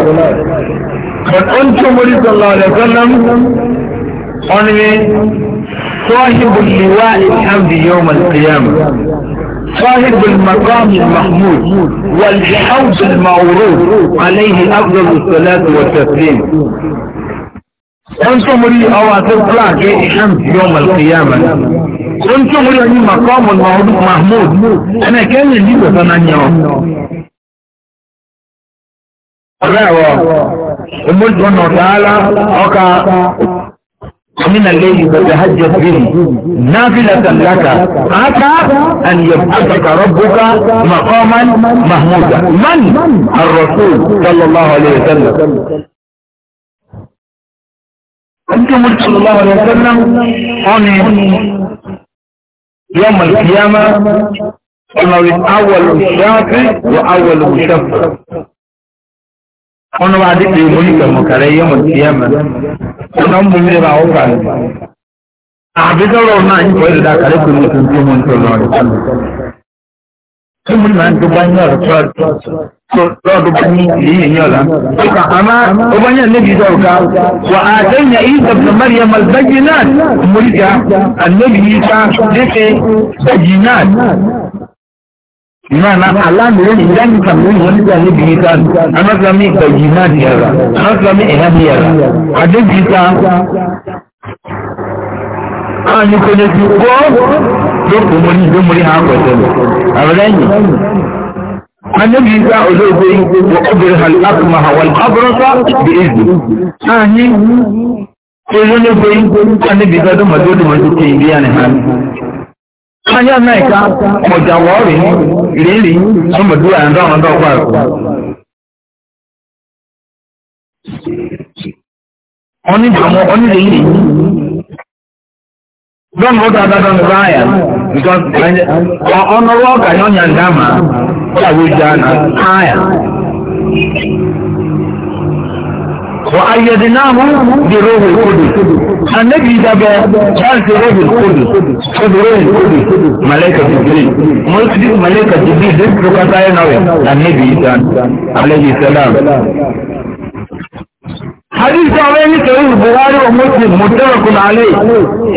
But unto Muhammad sallallahu alayhi wa صاحب اللواء الحمد يوم القيامة صاحب المقام المحمود والحوض المعروض عليه أفضل الصلاة والتسليم أنتم لي أواصل فلاك حمد يوم القيامة أنتم لي مقام المحمود أنا كان لي بثمان يوم الرعوة الملك سبحانه
من الليل فتهجد به نافلة لك
عسى أن يبعثك ربك مقاما محمودا من الرسول صلى الله عليه وسلم
أنتم صلى الله عليه وسلم
يوم القيامة أول الشافع وأول مشفع wani e ba duk da yi mulkin makarai yawan tiyama sannan
mu ne ba wuka ne
a bi zaura na yi koyar e da kare kun mutum tun mun tun na wani tun mun na duban yau da tuwa duban yi yi yin yau da suka amma ne bi zauka wa a kan ya yi sabta maryam albayyinat mulka annabi isa dace bayyinat Ìmáàna aláàmìrẹ́ ìdáni kàmìrì wọn nígbà níbi ìta anásàmì ìgbàjìmá di ẹ̀rà, anásàmì ẹ̀há di ẹ̀rà, àdébì ìta ààyè kò lè fi kọ́ lókùn mọ́ ní ìdómọ́rí ha pẹ̀sẹ̀lẹ̀. Àrẹ́yìn, àdébì ìta olóògbé obìnrin halakuma hawa abúrọ́sá bí èzì. Ààyè, kò lónìí pé àdébì ìta dọ́mọdé ó dùn anya nnaika ọjà wọ́ọ̀rì rírì ọmọdúwà ndọ́rọ̀ ndọ́gba ẹ̀kọ́. onídàámọ́ onídàáyìí dọ́nà ó dáadáa because annabi daga chance ruhul qudus ruhul qudus malaika jibril mulki malaika jibril duk ruka sai nawe annabi dan alayhi salam
حديث عليه صحيح البخاري ومسلم
متفق عليه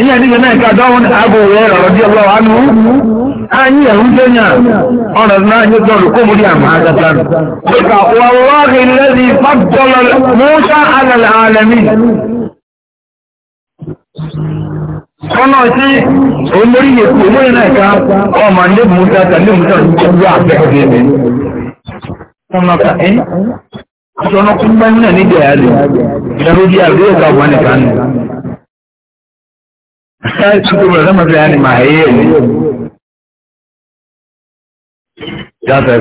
ان حديث هناك داون ابو هريره رضي الله عنه anyị ahụtanya ọ nọ n'anya dọrọ kọmụdị amaghadatan dịka wallahi lezi fadọlọ musa alal alamin
kọ́nà sí olórí èkó olórí náà ká ọmọ ilé mọ́ta tàbí mọ́ta ìjọba àbẹ́kọ̀dé mi ọmọ ká
ẹ́ ọ̀sán ọkùn bá nínà nígbà yà lè ìdàrú di àbúrò ká wà nìkan nù ṣáà rẹ̀ sọ́mọ́ fi hàn máa yé ìjọba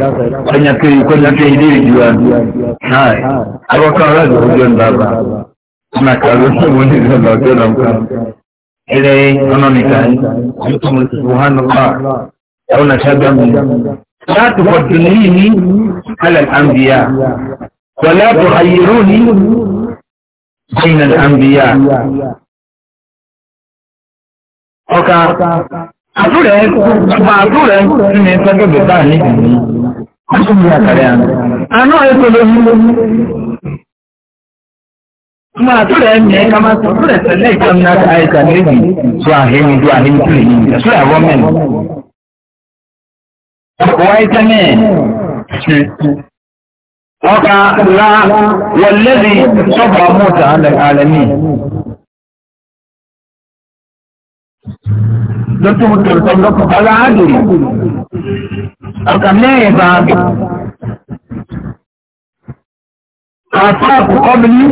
náà àwọn kan rẹ̀ lọ́jọ́ ń ana kazo wani zalla ta da mutum
irai ono ne kai mutum subhanallah yauna shadan la tufaddilini ala al-anbiya wa la tuhayyiruni bain al-anbiya oka àtúrẹ̀ ọba àtúrẹ̀ nínú ìtọ́jú bẹ̀bá níbi ní ọdún yàtàrẹ̀ àná ètò lóyún kuma tura yan ne kama su tura sallai kan na ta aika ne bi zuwa hemi zuwa hemi tura yi da sura roman
kuwa ita ne waka la wallazi sabba mota alal alami don tu mutum sun lokacin al'adari
a kan ne ba
آفاق قبلي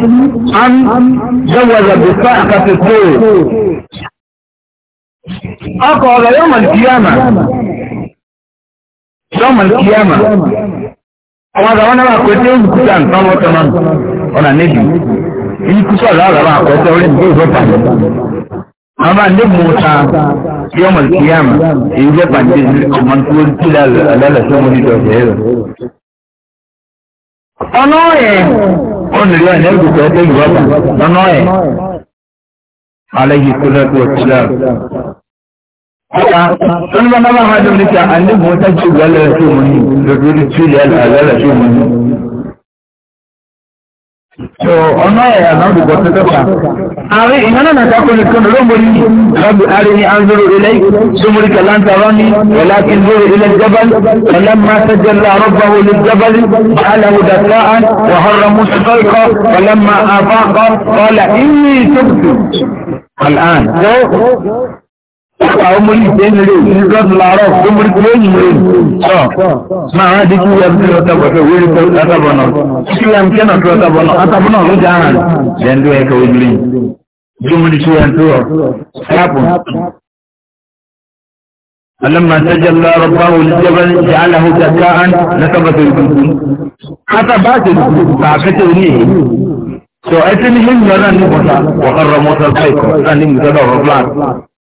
أن جوز بالصحقة الطول أقعد يوم القيامة يوم القيامة
وهذا وانا ما كنت يوم كتان صلى وتمام وانا نبي إن كنت هذا ما كنت أولين بيه وطن أما نبي موسى يوم القيامة يجب أن يكون كلا لا لا سموني توجهه ọ̀nà ẹ̀ ọ̀nìlọ ẹ̀ lẹ́gbẹ̀ẹ́ tó ẹgbẹ́ ìwọ́ta ọ̀nà ẹ̀
aláyé kúlẹ̀ tó ṣílá
ọ̀tá tó ní bá
bá bá máa dùn níta àlébùn ó tẹ́jú ìgbàlẹ̀ rẹ̀ tó mú ní lórí tí ó lẹ́ àlẹ́ rẹ̀ tó mú ní So ọ̀nà ẹ̀ àlọ́dùgbọ̀ tẹ́tẹ́ta. Ààrẹ ìyànnà náà dákọ̀ nìkan lóòmò ní Rabi Ari ni Anzoro ilẹ̀ Sumuri Kalanta Rani, Wala Kinzoro ilẹ̀ Jabal, Wala Masa Jalla Rabbahu ilẹ̀ Jabal, Ala Hudasa'an, Wahara Musulka, Wala Ma Afaqa, Wala Inni Tuktu. Al'an.
Ọ̀pá ọmọrí ìgbẹ́nilé ìrọ́dún láàárọ̀ tó mọ̀rí kúrò yìí rẹ̀. Sọ máa rán díkú wọ́n tí ọ̀tá bọ̀tọ̀ wérí kọ́ látàbọ̀nà.
Kí wọ́n kí ẹ̀nà tó ọ̀tá bọ̀nà, látàbọ̀nà ló jẹ́ àrùn. Jẹ́ndú ẹ̀kọ́ ojú rí.
Júmọ̀rí tí wọ́n tó ọ̀. Ṣáàpù. فلما تجلى ربه للجبل جعله دكاء نكبت الجبل
حتى بعد بعثته ليه سو اتني هم يرى نبوتا وقرر موسى الحيكم أن يمتدى الربلان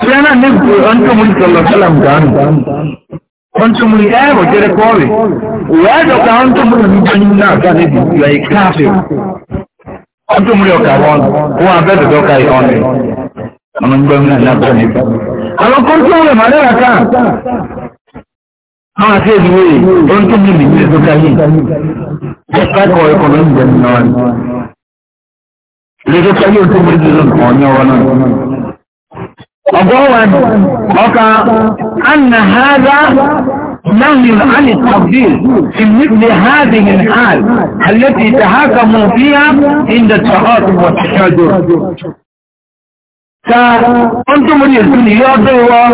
Yana nufi an tumuli sallasalam gani,
an tumuli ɗaya ba kere
kore, wa da ka an tumuli ni ganin na ka ne bi ya yi kafin.
An tumuli ọka wọn, wọn abẹ́ da dọ́ka yi ọ̀nà. Ọmọ gbọ́n náà náà bá ní bá. Àwọn kọ́ńtọ́ rẹ̀ máa lẹ́ra ká. Àwọn àti èdè wòye, an tumuli ni ilé dọ́ka yìí. Ẹ̀ka kọ̀ ẹ̀kọ́ ló ń jẹ nínú ọ̀nà. Ilé dọ́ka yìí ó tumuli nínú ọ̀nyọ́ wọn náà ọgọ́wọ̀n ọka anna hada نهي عن التقدير في مثل هذه الحال التي تحاكموا فيها عند التخاطب والتشاجر ka wọ́n tó mọ́rí èsù ní ọdọ́ wọ́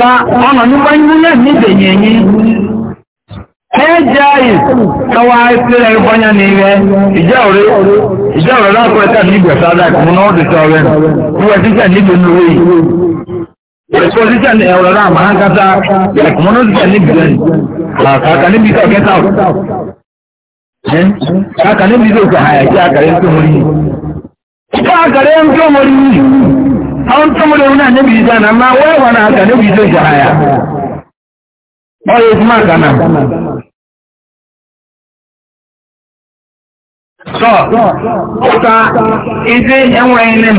ka ọmọ nípa ìmúlẹ̀ ní ìdẹ̀yẹ̀yí ẹjẹ́ ààyè kọwa ìpínlẹ̀ ìpọ́nyà ní ilẹ̀ ìjẹ́ ọ̀rẹ́ ìjẹ́ ọ̀rẹ́ láàkọ́ ẹ̀ta ní ìgbẹ̀sáadà ìkùnmọ́ ọdún tọ́rẹ exposition ẹ̀rọ̀rọ̀ na ẹ̀kùnmọ́nọ́síkẹ̀ níbi rẹ̀ kàkà níbi tó kẹta kàkà níbi tó kà àyàjẹ́ àkàrẹ́ tó mọ́rí yìí tó àkàrẹ́ tó mọ́rí yìí àwọn tó mọ́rí náà níbi ìjà náà máa wọ́n wà náà kà níbi àyà
sọ ọ̀ta
ìdí ẹ̀wọ̀n ẹ̀yìn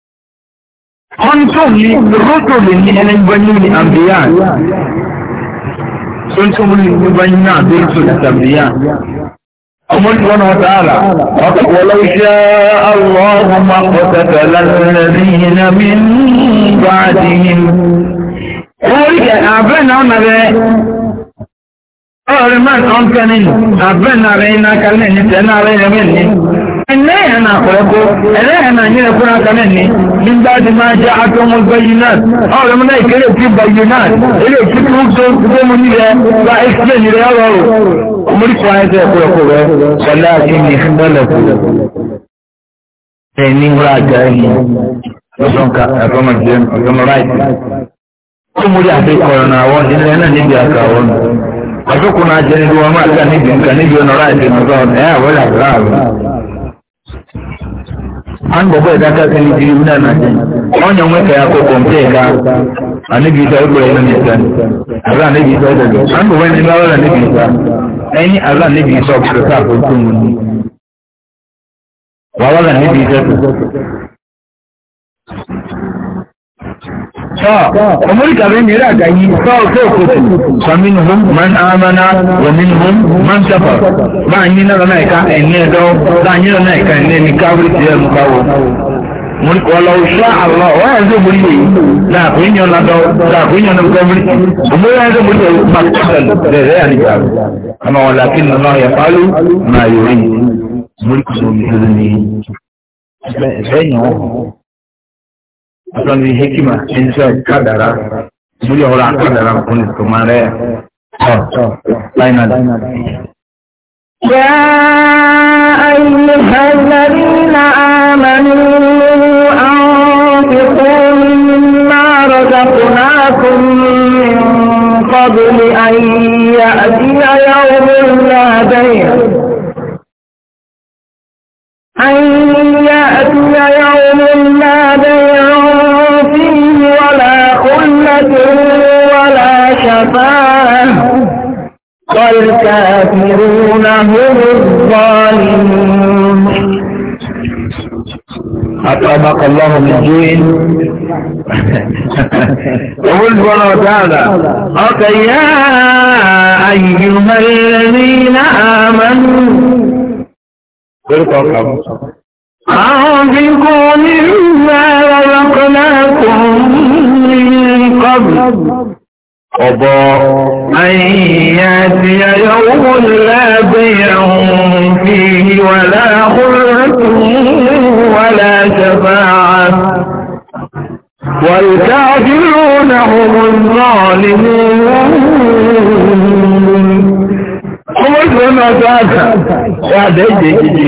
Kọ́ntùn ni rótòlì ní ẹni gbanyin ni àbíyá. Kọ́ntùn ni gbanyin náà bí tó ti tàbíyá. Ọmọ ní wọn wọ́n tààrà, ọkọ̀ wọlé iṣẹ́ Allahun máa pọ̀tẹ̀tẹ̀ lálẹ́rẹ́ ní mi ń bá àdìyìn. Wọ́n rí kẹ̀ àbẹ́ náà nàbẹ́ ọ̀rẹ́ máa ń tán kẹ́ nínú àbẹ́ náà rẹ̀ iná kalẹ̀ ní tẹ̀ náà rẹ̀ rẹ̀ ní. ẹ̀lẹ́ ẹ̀ náà kọ̀rẹ́ kó ẹ̀lẹ́ ẹ̀ náà yẹ̀rẹ̀ kúrò kalẹ̀ ní nígbà tí máa jẹ́ atọ́mọ gbẹ̀yìn náà ọ̀rẹ́ mi náà ìkéré tí gbẹ̀yìn náà eré tí kú tó tó mu nílẹ̀ bá ẹ̀sìlẹ̀ nílẹ̀ ọ̀rọ̀ rò. omori kọ́ ayẹsẹ̀ kúrẹ́ kó rẹ̀ wọlé àti ní ìfúnbẹ̀lẹ̀ kú. ẹni wúrà àjà ẹni lọ́sọ̀ǹkà ẹ̀fọ́mọ̀jẹ́ ọ̀sọ̀mọ̀
ọ̀tọ́kùn náà jẹ́ níbi wọn máa níbi nǹkan níbi ẹ̀ àwọn àwọn.
a ń gbọ́gbọ́ ìdáká sí ní kiri náà náà jẹ́ ọ̀nyà wọn kẹ́ akọ kọ̀m̀pẹ́ ẹ̀ka àníbi ìta ìgbọ̀ ẹ̀yìn nìta àbúrò àníbi ìta ìdọ̀dọ̀ a ń gbọ́gbọ́ ẹni lọ́wọ́ ìta àbúrò àníbi ìta أمريكا بين إيراك أي فمنهم من آمن ومنهم من كفر ما أنينا لنايكا إني دو لا أنينا لنايكا إني مكاوري تيار مكاور ملك ولو شاء الله وهذا بلي لا كوين يونا دو لا كوين يونا مكاوري أمري هذا بلي مكتل
لذي أما ولكن الله يفعل ما يريد ملك سبحانه بينهم
يا أيها الذين آمنوا أنفقوا مما رزقناكم من قبل أن يأتي يوم لا بيع أن يأتي يوم لا بيع ولا شفاعة
والكافرون هم الظالمون أطعمك الله من جين
يقول الله تعالى حتى يا أيها الذين آمنوا أعوذكم مما رزقناكم قبل قضاء أن يأتي يوم لا بيع فيه ولا خلة ولا شفاعة والكافرون هم الظالمون Ọmọ ìgbẹ́mọ̀ ọjọ́ àjà, wà dẹ́ ìdè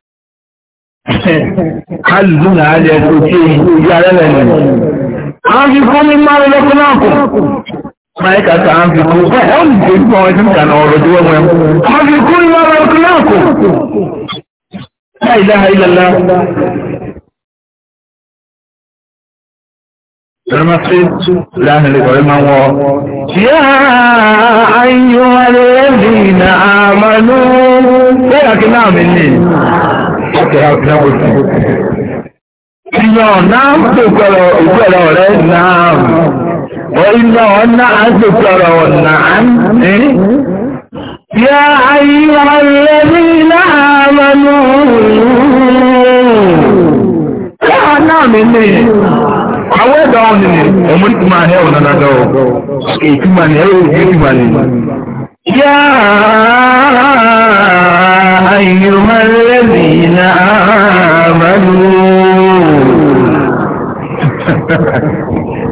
kálùdún náà lẹ tó tí ojú ara rẹ̀ lẹ̀. Àwọn fi kún ní máa lọ́kún náà kù. Máyíkà sọ àwọn fi kún bẹ́ẹ̀ ó lè dé fún ọmọ tí mo kà náà ọ̀rọ̀ tí wọ́n mọ̀ fi kún ní máa lọ́kún náà kù.
La ilaha illallah.
láàrin ìkọ̀wé máa ń wọ. Yá ayọ̀ alẹ́ bí na àmàlú. Bẹ́ẹ̀ kí mi ní. Iná ọ̀nà àpòkọ̀rọ̀ ìgbọ̀rọ̀ rẹ̀ náà. Wọ iná ọ̀nà àpòkọ̀rọ̀ ọ̀nà àmì. Yá ayíwá lẹ́rí láàmàlú. Yá náà mi ní. Àwọn ẹ̀dọ̀ ọ̀nà ni, ọmọ ìtumà ẹ̀ ọ̀nà náà dọ̀. Ìtumà ni يا أيها الذين آمنوا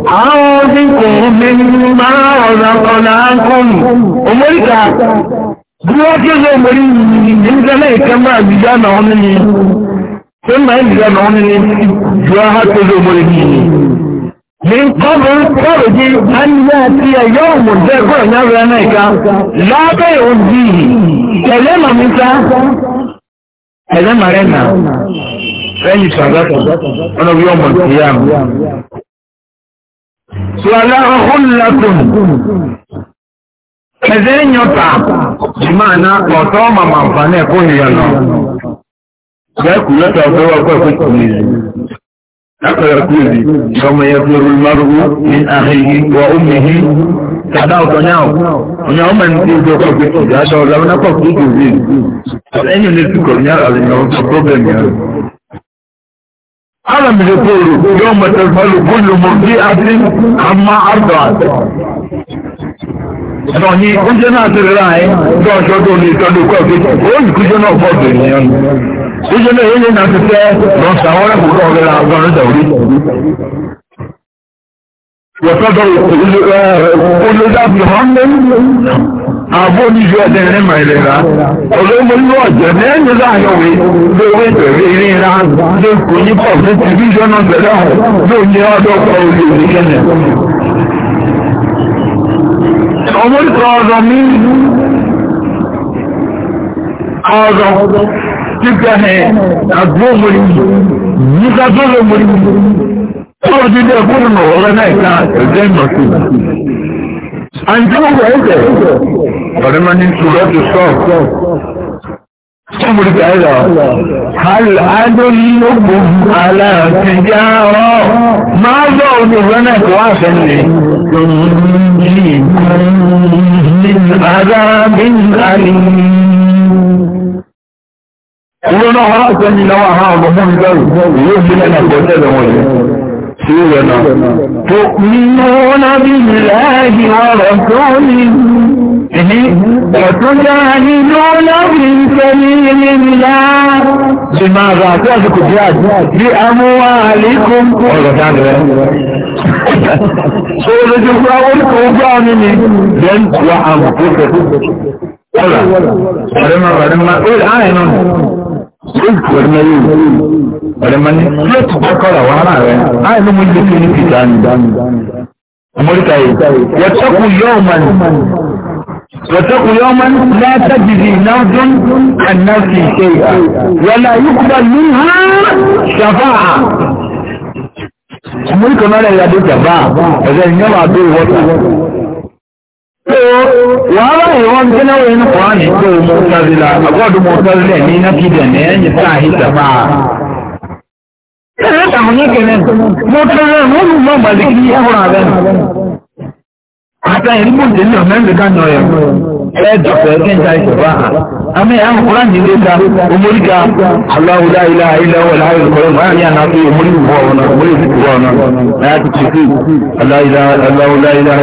أعوذكم مما رزقناكم أمريكا Dúwọ́ kí ó mọ̀rí ìjẹ́lẹ̀ ìkan máa gbìjá náà nínú, tí من قبل فرج أن يأتي يوم ذكر نبرنك لا بيع فيه كلمة مثل كلمة رنا فأي صدقة أنا بيوم القيامة سؤالها خلة كذين يطع بمعنى وطوم من فنه كل يلو ذاك يطع فهو كل كل أكثر كل يوم يفر المرء من أخيه وأمه كذا وكناو أنا أم أن تيجي تقول يا شو لو أنا كنت تقول أنا نريد تقول يا أخي أنا problem يا أنا من يقول يوم تفعل كل مرضية عما أرضعت Àwọn ní oúnjẹ náà ti rẹ̀ láàárín lọ́jọ́ tó ní ìtọ́jú kọ́ fi, ó ìkújẹ́ náà fọ́ọ̀dù ènìyàn. Ìjọ náà yéé náà ti fẹ́ lọ sàwọn ẹ̀kọ́ ọ̀rẹ́ la ọgbọ́n rẹ̀ dàwọ́rí. Wọ́sọ́dọ̀ olùdábì Mọ́ndé àbó oníṣu ọdẹ rẹ̀ mà ìlera. Olóòmọ ọ̀jẹ̀ mẹ́rin láàyọ̀wé lówó ìbẹ̀rẹ̀ ìrìnra lóko ní pọ̀ fún tìbíṣọ́ náà bẹ̀rẹ̀ ọ̀hún lóò ní ọdọ̀ pọ̀ olè òníkẹ́nẹ̀. Ọmọ ìkọ̀ ọ̀rọ̀ mi ọ̀rọ̀ títẹ̀ ẹ̀ àgbó mori nígbà tó lè mori ọ̀rọ̀ ti dẹ̀ kó nù ọ̀rẹ́ náà ká ẹ̀jẹ̀ ìmọ̀sí. àǹtíwò wẹ̀ ẹ̀jẹ̀ ọ̀rẹ́ máa ní ṣùgbọ́n ti sọ Sọ́mùrì bí àìlọ́, àádọ́lì ògbò aláàtìjá ọ̀rọ̀ máa lọ́ òní ìrọ́nà ẹ̀kọ́ àfẹ́lẹ̀. Àdábìn àlìyàn. Ìwọ́n náà wọ́n láti àwọn ọmọ mi lọ́rù yóò fi lẹ́nà pọ̀ tẹ́lẹ̀ wọn rẹ̀ náà. Tó nínú nábí láàájì ọ̀rọ̀ tó ní ìní ọ̀tún dáa nínú nábí bí àjọ ọ̀rẹ́mọ́ni yóò tún kọ́kọ́rọ̀ wàhálà rẹ̀ láì ló mú ilé kí ní pìtà ní
amọ́ríkà yìí wọ́tọ́kù yọ́ọ̀mọ́ni
wọ́tọ́kù yọ́ọ̀mọ́ni látàjìdì náàdún ànáàfì ṣe ìhà wọ́lá yíkúbà ní ha ṣàfáà amọ́ríkà náà rẹ̀ yàdó ṣàfáà ẹ̀rẹ́ ìyọ́wà àdó ìwọ́ta wàhálà ìwọ́n gẹ́nà wọ́n inú kọ́ ní pé o mọ̀tàzílà àgọ́dù mọ̀tàzílà ní iná kìdẹ̀ ní ẹ̀yìn sáà ìjàmbá. ẹ̀rẹ́ tàmù ní kẹ́lẹ́ mọ̀tàzílà mọ̀tàzílà mọ̀tàzílà Àtà ìrìbò ìdílé ọ̀nà ìrìnká nọ ẹ̀ ẹ̀ẹ́dọ̀ ẹ̀kẹ́ta ìṣẹ̀fà hàn. Àmì àwọn kọ́lá ní ilé ta omóríkà aláwòdá ilá ilẹ̀ ọ̀wọ̀ láàrin ìkọlẹ̀ máa ní àná pé omórí ìwọ̀ ọ̀nà omórí ìwọ̀ ọ̀nà láyá ti ti fi aláwòdá ilá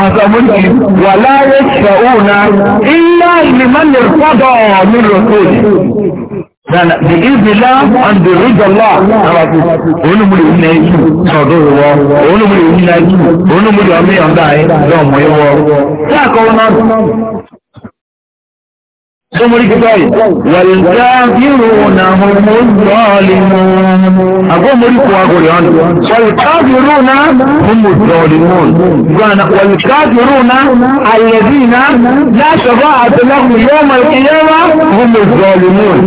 Àzọ̀múnjì wà láyé ṣẹ̀únà ilá ìlìmọ́lẹ̀ pọ́dọ̀ ní Rọ̀tún. Bí ìbìlá àndì ríjọlá àwàkù, olúmúlì ní ẹjú sọ̀dọ̀ wọ, olúmúlì ní ẹjú, olúmúlì ọmọ ìyọ̀ndà ẹ̀ lọ́mọ ìwọ. Súnmọ́rí kí tọ́yì, wàlìkáfírùn àwọn mọ́lìmọ́n. Àgbọ́mọ́rí kò agbòrì ọ̀nà. Wàlìkáfírùn àwọn mọ́lìmọ́n. Gbọ́nà wàlìkáfírùn àlẹ́bìnà láṣọ́bọ́ àtẹ́lẹ́kùn yóò mọ̀ ìkìyẹ́wà fún mọ́lìmọ́n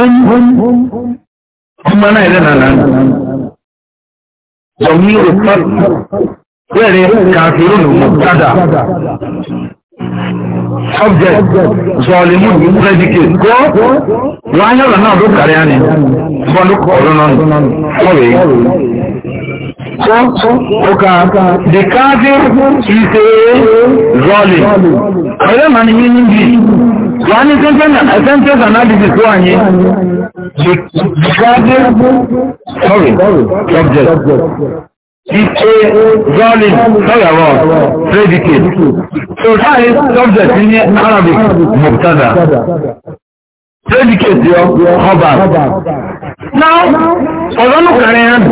ọmọ náà ẹ̀rẹ́ nàná ọ̀mí òkú wẹ́rẹ́ kàfíró nù mọ̀tádà
subject zọlìmù predicate kó wọ́n
ayọ́lọ̀ náà ló kàrí àní bọ́ọ̀lù kọ̀ọ̀rọ̀ náà kọ̀wé
kó ọkà
the kafir is a zọlì ọ̀rẹ́ màá ní yín níbi wọ́n ní central analysis tó wà yẹn regarding sorry subject
ìṣe zolin sọ́yàwó predicate so láàrin subject ní arabic mubtada
predicate yọ khabar
now ọ̀rọ̀ nù kàrin yẹn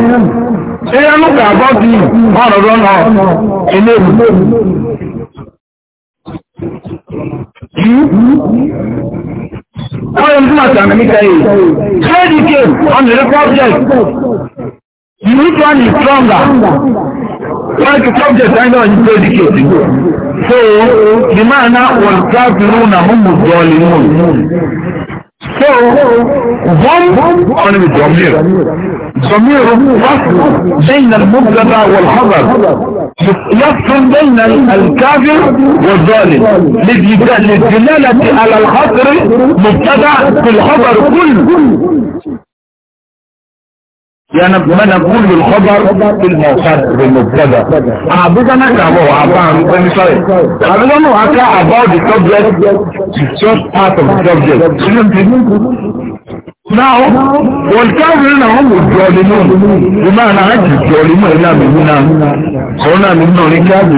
ẹ̀yẹ́ nù kà bọ́ bí ọ̀rọ̀ lọ́nà ẹ̀lẹ́rù Wọ́n yẹn tí máa yìí. Trade came on the subject. The which
one is stronger? Like the subject I know is trade came. So, the man now was trapped in a room and So, ضم الضمير ضمير فصل بين المبتدا والخبر يفصل بين الكافر والظالم للدلالة على الخطر مبتدا في الخبر كله
yana kuma na kullu al-khabar fil mawqad bil mubtada abuga na ka bo aba am ko sorry
abuga no aka about the subject it's just part of the subject
now wal kafirina hum mujalimun bima na haji jalimun ila minna sona minna ni kabi